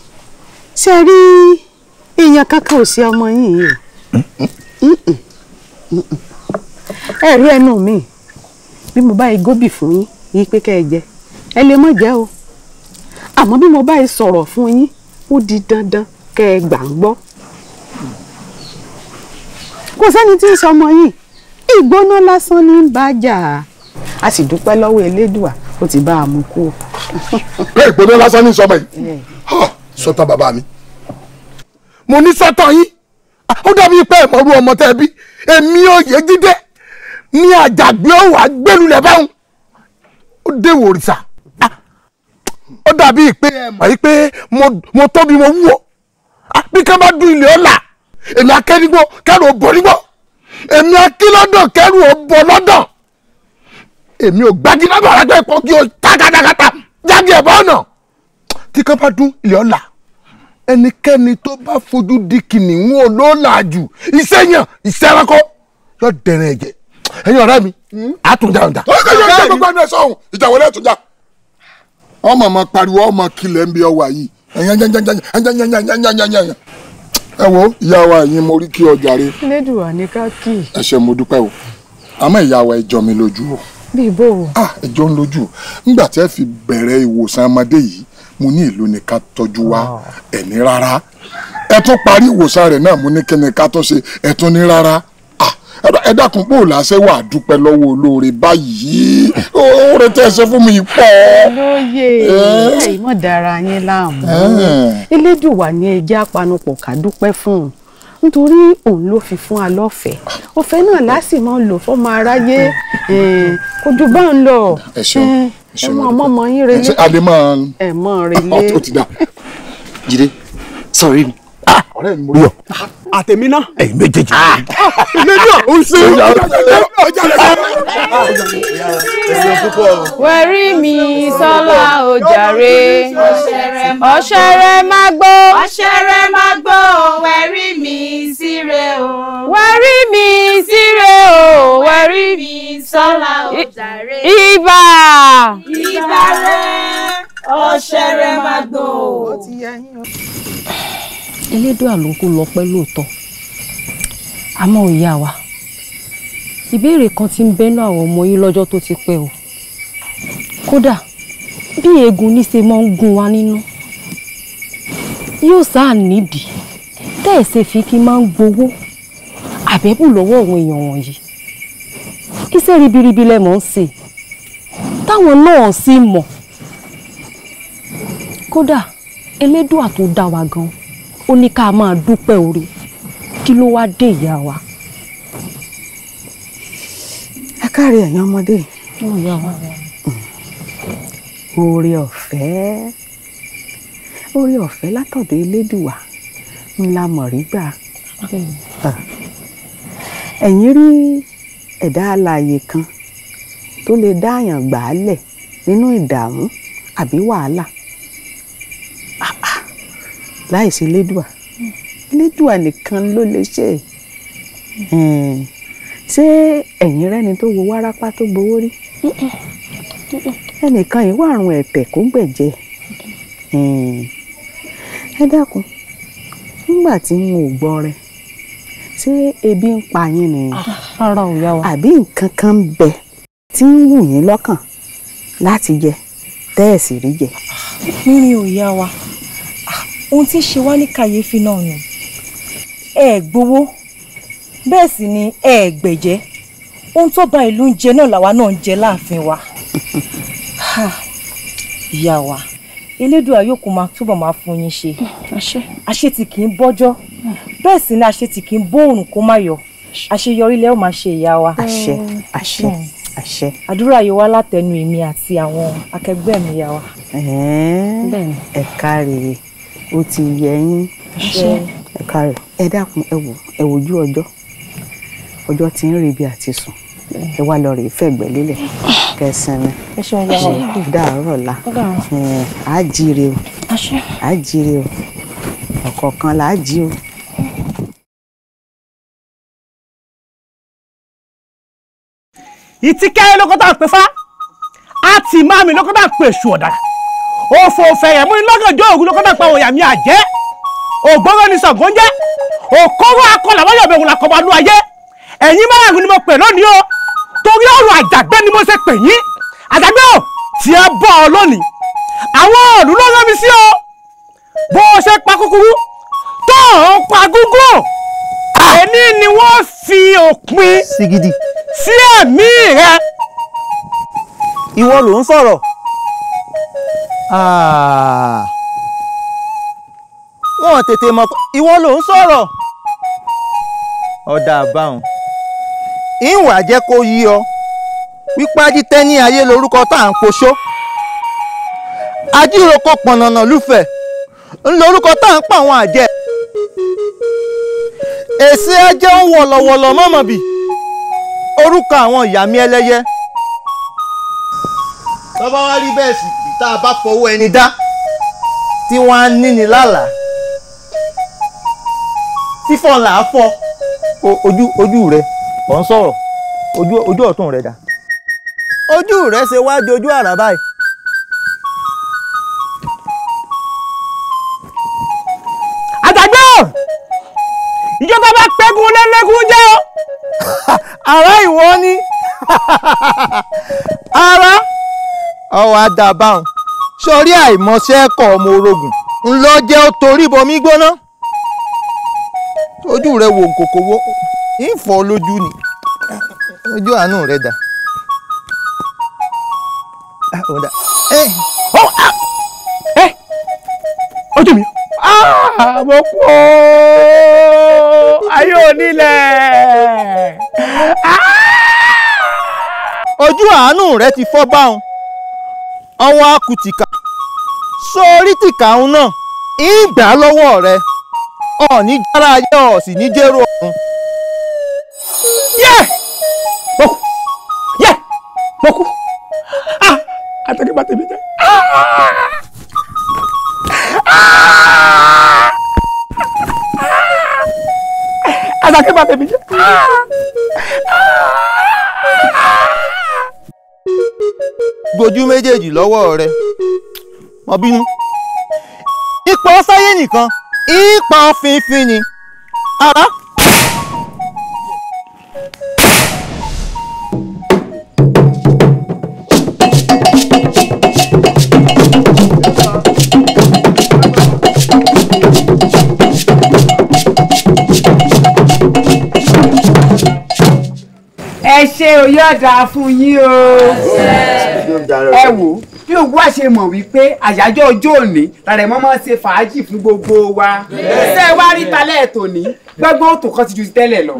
C: ṣe rí èèyàn kankan ò sí ọmọ yín yìí ẹ rí ẹnu mi bí mo bá igóbì fún yín yìí pé kẹ́ ẹ jẹ ẹ lè mọ̀ jẹ́ o àmọ́ bí mo bá sọ̀rọ̀ fún yín ó di dandan kẹ́ ẹ gbà ń gbọ́ kò sẹ́ni tí ń sọmọ yìí ìgbóná lásán ní ń bá jà a sì dúpẹ́ lọ́wọ́ elédùà ó ti bá a mú kú. bẹ́ẹ̀ ìgbóná lásán ní sọmọ yìí sọtàn bàbá mi mo ní sọtàn yín
A: ó dàbí pé ìmọ̀rú ọmọ tẹ́ bí èmi ò yé jíde ní àjàgbé òwò àgbélulẹ̀ báwọn ó déwò òrìṣà ó dàbí pé ẹ mọ̀ yí pé mo tóbi mo wúwo bí ká bá dún ilé ọ̀la èmi akẹ́nigbó kẹ́rù òbò nígbó èmi akílọ́dọ̀ kẹ́rù òbò lọ́dọ̀ èmi ò gbájú lábẹ́ àràgbẹ́ ìpọ́n kí o tákàtàkàtà jáde ẹ̀bọ́ ọ̀nà tí kan bá dún ilé ọ̀la ẹnikẹ́ni tó bá fojú di kìnìún olóòlàjù iṣẹ́ yàn iṣẹ́ ẹranko yóò dẹ̀rẹ̀ ẹ̀jẹ̀ ẹ̀yin ọ̀rẹ́ mi àtúndà ọ̀dà. ó yẹ kí ọjọ́ ìgbàgbọ́ ẹni ẹ̀sọ́ ọ̀hún ìjà wọlé ẹ̀túndà. ọmọ ọmọ pariwo ọmọ kilẹ̀ ń bí ọwà yìí ẹ wo ìyá
B: wa yín mo rí kí ọjà rẹ.
C: lẹ́dùwà ní ká kì
B: mo dúpẹ́ o àmọ́ ìyá wa ẹjọ́ mi lójú o. bí bò ó. ah ẹjọ́ ń lójú nígbà tí ẹ fi bẹ̀rẹ̀ ìwòsàn ọmọdé yìí mo ní ìlú ni ká tọ́jú wa ẹ̀ní rárá ẹ tún parí ìwòsàn rẹ̀ náà mo ní kí ni ká tó ṣe ẹ tún ní rárá ẹ dákun pò láṣẹ wà dúpẹ́ lọ́wọ́
A: olóore báyìí oore tẹ́ ẹ fún mi pọ̀. lóye ìmọ̀
C: dára yín láàmú elédùwà ni ẹjẹ́ apanupọ̀ ká dúpẹ́ fún nítorí òun ló fi fún wa ọ̀fẹ́ náà lásì máa ń lò fọ́mọ aráyé kò bá ń lọ ẹ ọmọ yín relé ẹ relé.
B: jide sọrí mi ọ̀rẹ́ mi mo rí ọ.
A: àtẹ̀mí náà. ẹ̀yin méjèèjì. méjì ò ń ṣe
C: wẹ̀rí mi sọ́lá ojàre ọ̀ṣẹ̀rẹ̀ má gbọ́. ọ̀ṣẹ̀rẹ̀ má gbọ́ wẹ̀rí mi síre o. wẹ̀rí mi síre o wẹ̀rí mi sọ́lá ojàre. ibà. ibà rẹ̀ ọ̀ṣẹ̀rẹ̀ má gbọ́. ó ti yẹ yín o. Elédùà ló kó lọ́pẹ́ lóòótọ́ àmọ́ ìyá wa ìbéèrè kan ti ń bẹ́nu àwọn ọmọ yìí lọ́jọ́ tó ti pẹ́ o kódà bí eegun níṣe máa ń gún wa nínú yóò sáà nídìí tẹ́ ẹ̀ ṣe fi kí máa ń gbowó àbẹ́bù lọ́wọ́ àwọn èèyàn wọ̀nyí iṣẹ́ ribiribi lẹ mọ̀ ń ṣe táwọn náà sì mọ̀ kódà Elédùà tó wa gan-an ó ní ká máa dúpẹ́ oore kí ló wáá dé ìyá wa. ẹ káre ẹ̀yàn ọmọdé mm. oore ọ̀fẹ́ oore ọ̀fẹ́ látọ̀dọ̀ elédùwà ńlá mọ̀rígbà ah. ẹ̀yin rí ẹ̀dá alààyè kan tó lè dáàyàn gbàálẹ̀ nínú ìdààmú àbí wàhálà láìsí elédùà elédùà nìkan ló lè ṣe é ṣé ẹ̀yin rẹ́ni tó wo wárápá tó gbowó rí ẹnìkan yìí wà àrùn ẹ̀tẹ̀ kó gbẹ̀jẹ̀ ẹ dákun nígbà tí n ò gbọ́ rẹ ṣé ebi ń pa yín ni ah, àbí nǹkan kan ń bẹ tí ń wù yín lọ́kàn láti jẹ tẹ́ẹ̀sì rí jẹ. mímí ò yá wa ohun tí ń ṣe wá ní kàyéfì náà nù ẹ gbowó bẹ́ẹ̀ sì ni ẹ gbẹ̀jẹ́ ohun tó ba ìlú ń jẹ náà làwa náà ń jẹ láàfin wa ìyá wa elédùà yóò kó máa túbọ̀ máa fún yín ṣe hmm, àṣẹ tí kì í bọ́jọ́ bẹ́ẹ̀ sì ni àṣẹ tí kì í bóòrùn kó má yọ àṣeyọrí lẹ́ẹ̀ máa ṣe ìyá wa. Oh, àṣẹ àṣẹ àṣẹ. àdúrà yìí wá látẹnu èmi àti àwọn akẹgbẹ́ mi ìyá wa. bẹ́ẹ̀ni ẹ̀ka rèé O ti yẹ yín ẹ káre ẹ dákun ẹ wò ẹ wojú ọjọ́ ọjọ́ tí ń rebi àti sùn ẹ wá lọ rèé fẹ̀gbẹ́ lélẹ̀ kẹsàn-án ni dàárọ̀ la àjíire o àjíire o ọ̀kọ̀ọ̀kan là á jí o.
A: ìtìkẹ́rẹ́ lóko tá a pè fá a tì máa mi lóko tá a pè èṣù ọ̀dàlà òfòfè yẹn mú lọ́gànjọ́ ògùn lọ́kọ́ náà pa òyà mi àjẹ́ ògbóró ni sọ̀gbọ́n jẹ́ òkóró akọlà wáyọ̀ bẹ̀rù làkọ̀bọ̀ lu ayé ẹ̀yin márùn-ún ni mo pè lónìí o torí ọ̀rọ̀ àjàgbé ni mo ṣe pè yín àjàgbé o tí ẹ bọ̀ ọ lónìí àwọn òòlù ló rán mi sí o bó o ṣe pa kúkúrú tó ń pa gúgú ẹni ni wọ́n fi òpin sí ẹ̀mí rẹ. ìwọ ló ń sọ̀rọ̀. Ah. wọ́n tètè mọ̀ pé ìwọ ló ń sọ̀rọ̀ ọ̀dà àbáhùn ìwà jẹ́ kó yí ọ wípájí ní ayé l'orúkọ tá à ń poṣó ajíròkọ pọ̀nànà lúfẹ̀ ńlórúkọ tá à ń pa àwọn àjẹ́ èsì ẹjẹ́ ń wọ̀lọ̀wọ̀lọ̀ orúkọ àwọn ìyàmí ẹlẹ́yẹ. tọ́ba wá rí bẹ́ẹ̀ tá a bá fọwọ́ ẹni dá tí wọ́n á níni lálàá fífọ́ là á fọ́ ojú ojú rẹ ò ń sọ̀rọ̀ ojú ojú ọ̀tún rẹ dà. ojú rẹ ṣe wá jojú àrà báyìí. àtàgbọ́ ìjọba bá pẹ́gun lẹ́lẹ́gún jẹ́ ọ́ ara ìwọ ni ara ọwọ́ adàbáhùn. sọrí àìmọ̀ṣẹ́ kọ̀ ọmọ orogun ńlọ jẹ́ ó torí bọmí gbóná ojú rẹ wo kòkó wo ìfọ lójú ni ojú àánú rẹ dà ah, ah! ojú mi ah, mo kú o ayé onílẹ̀ ojú àánú rẹ ti fọ́ báwọn ọwọ́ akùtìkà. sọ orí tìka òun náà ń gbà lọ́wọ́ rẹ ọ̀ọ́ni jára ayé ọ̀sì ní jẹ́rọ ọ̀run. yẹ mo kú yẹ mo kú ah àtẹ̀kẹ́ bá tèmi jẹ́ ah! àtẹ̀kẹ́ bá tèmi jẹ́. gbójú méjèèjì lọ́wọ́ rẹ mọ bínú ipò sáyé nìkan ipò fínfín ni ara. ẹ ṣe òye ọ̀dà fún yín o ẹ wò bí òun wá ṣe mọ̀ wípé àyájọ́ ọjọ́ òní làrẹ̀ mọ́ máa ṣe fàájì fún gbogbo wa. ṣé ẹ wá rí talẹ́ ẹ̀ tòní gbẹ́gbẹ́ òtò kan ti ju ti tẹ́lẹ̀ lọ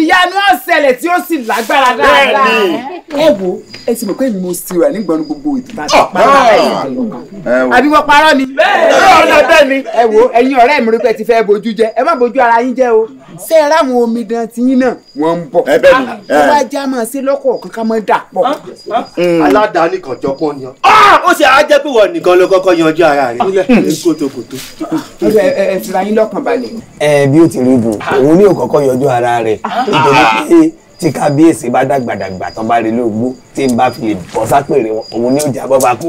A: ìyanu ọ̀sẹ̀lẹ̀ tí ó sì lágbára dáadáa ẹ wo ẹ ti mọ̀ pé mo ti wà nígbọ̀n gbogbo ìtura ti parọ́ àbí wọ́n parọ́ ni. ẹ wo ẹ̀yin ọ̀rẹ́ mi rí pé ti fẹ́ bojú jẹ ẹ má bojú ara yín jẹ o ṣé ẹ ráwọn omidan tiyín náà wọ́n ń bọ̀ ẹ wá já máa ṣe lọ́kọ̀ kankan máa dà pọ̀. aládàáni kan jọ pọ́n ni ọ. ó ṣe á jẹ́ pé wọ́n nìkan ló kọ́kọ́ yanjú ara rẹ̀ kótókótó. ẹ ẹ ẹ fira yín lọ́kàn balẹ̀. ẹ bí ó ti rí bu ogun òun ní òkọ́kọ́ yọjú ara rẹ̀ nítorí pé tí kábíyèsí bá dàgbàdàgbà tó bá rí lóògbó tí n bá fi lè bọ́ sápèrè wọn òun ní òjà bọ́ba kú.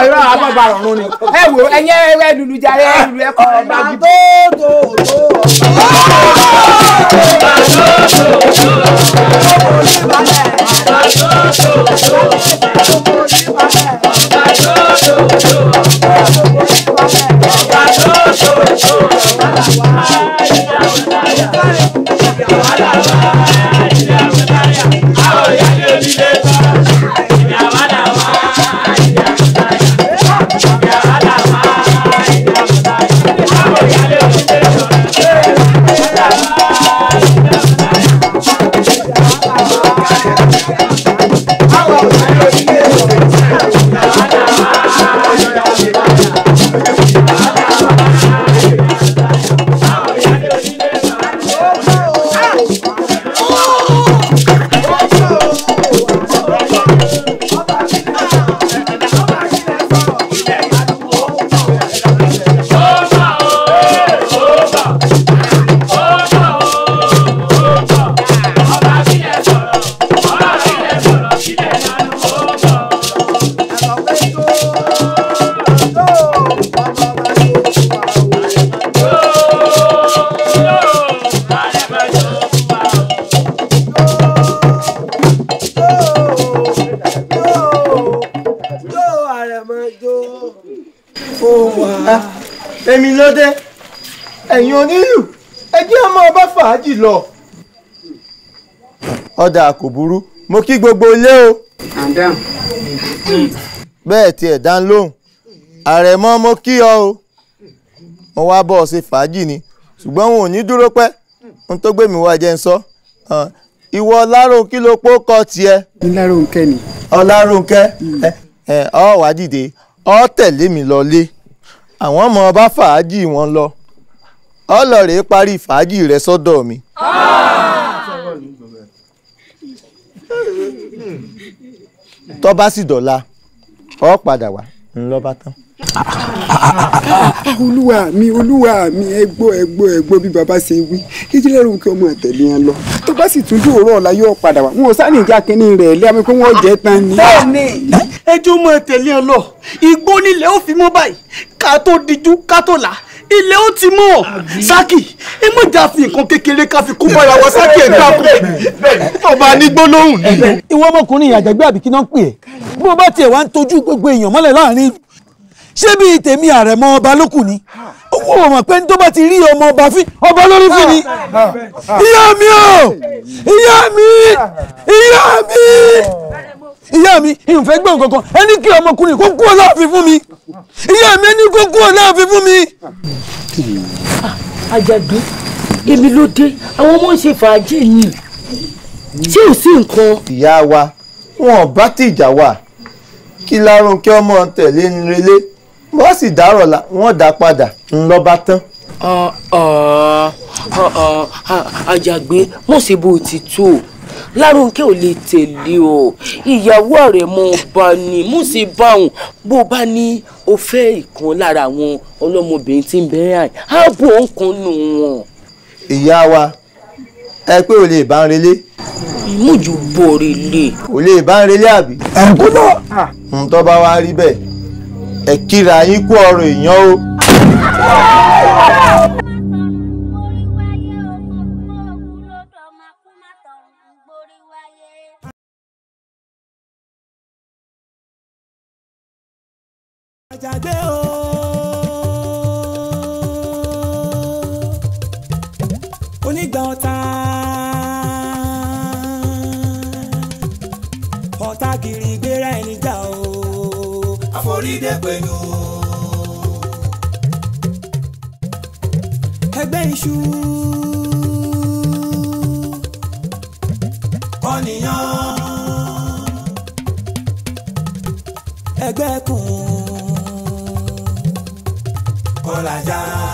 A: àlọ́ àbọ̀bà ọ̀run ni ẹ wò ẹyẹ ẹ lulu jàre ẹ lulu ẹ kọ́ ọba bí. tó tó tó ọba tó tó tó ọba
C: tó tó tó ọba tó tó tó. Àwọn ìyá lè bí lè bá.
A: èèyàn nílù ọmọ ọba fàájì lọ. ọ̀dà kò burú mo kí gbogbo ilé o. bẹ́ẹ̀ tiẹ̀ dá lóhùn. Ààrẹ mọ́, mo kí ọ o mo wá bọ́ ọ ṣe fàájì ni ṣùgbọ́n wọn ò ní dúró pẹ́ n tó gbé mi wá jẹ́ ń sọ ìwọ láró kí ló pó kọ tiẹ̀. ní láròǹkẹ́ ni. ọláròǹkẹ́ hmm. ọ wá dìde ọ tẹ̀lé mi lọ lé àwọn ọmọ ọba fàájì wọn lọ. ọlọ́rẹ̀ parí fàájì rẹ sọ́dọ̀ mi. tó bá sì dọ̀la ọ padà wá ńlọ bá tán. Ah, ah, olúwa mi olúwa mi ẹ gbọ́ ẹ gbọ́ ẹ gbọ́ bí baba ṣe wí kíjí lẹ́rù kí ọmọ àtẹ̀lé yẹn lọ tó bá sì tún dúró ọ̀la yóò padà wá wọn ò sáà nìjà kínní rẹ̀ lé àmì pé wọ́n jẹ́ tán ni. bẹ́ẹ̀ni ẹjọ́ ọmọ àtẹ̀lé yẹn lọ igbó nílẹ̀ ó fi mọ́ báyìí ká tó dijú ká tó là á ilé ó ti mọ̀ Ṣákì ẹ mọ̀ já fi nǹkan kékeré ká fi kó bára wa Ṣákì ẹ̀ dákun ọba ní gbólóhùn ni. ìwọ ọmọkùnrin ìyàjẹgbẹ àbíkí náà ń pè é bí mo bá tiẹ̀ wá ń tọ́jú gbogbo èèyàn mọ́lẹ̀ láàrin ṣé bí tèmi àrẹ̀mọ ọba lókù ni owó ọmọ pé tó bá ti rí ọmọ ọba fín ọba lórí fín ni ìyá mi o ìyá mi ìyá mi ìyá mi ìfẹ́ gbọ́n kankan ẹni kí ọmọkùnrin kó kú ọ láàfin fún mi ìyá mi ẹni kó kú ọ láàfin fún mi. Ah, Àjàdún èmi ló dé àwọn ọmọ ń ṣe fàájì yìí ṣé ò sí nǹkan. ìyá wa wọn bá tìjà wà kí lárúnkẹ́ ọmọ tẹ̀lé ń relé wọ́n sì dárọ̀ la wọ́n dá padà ńlọ bá tán. Ah, ah, Àjàgbé mọ̀ ṣe bó ti tó o lárúnkẹ́ ò lè tẹ̀lé o ìyàwó rẹ̀ mo bá ní mo sì bá òun bó bá ní o fẹ́ ìkan lára àwọn ọlọ́mọbìnrin tí ń bẹ̀rẹ̀ àyè ààbò nǹkan nù wọn. ìyá wa ẹ pé ò lè bá ń relé. ìmújú bọ̀rẹ̀ lè. ò lè bá ń relé àbí. ẹ̀kú náà. ntọ́ bá wá rí bẹ́ẹ̀ ẹ kíra yín kú ọ̀rọ̀ èèyàn o.
C: àjàgbé o. onígbà ọ̀tá
A: ọ̀tá kiri gbéra ẹni jà o. àforídé pẹ̀lú. ẹgbẹ́ iṣu.
C: allá.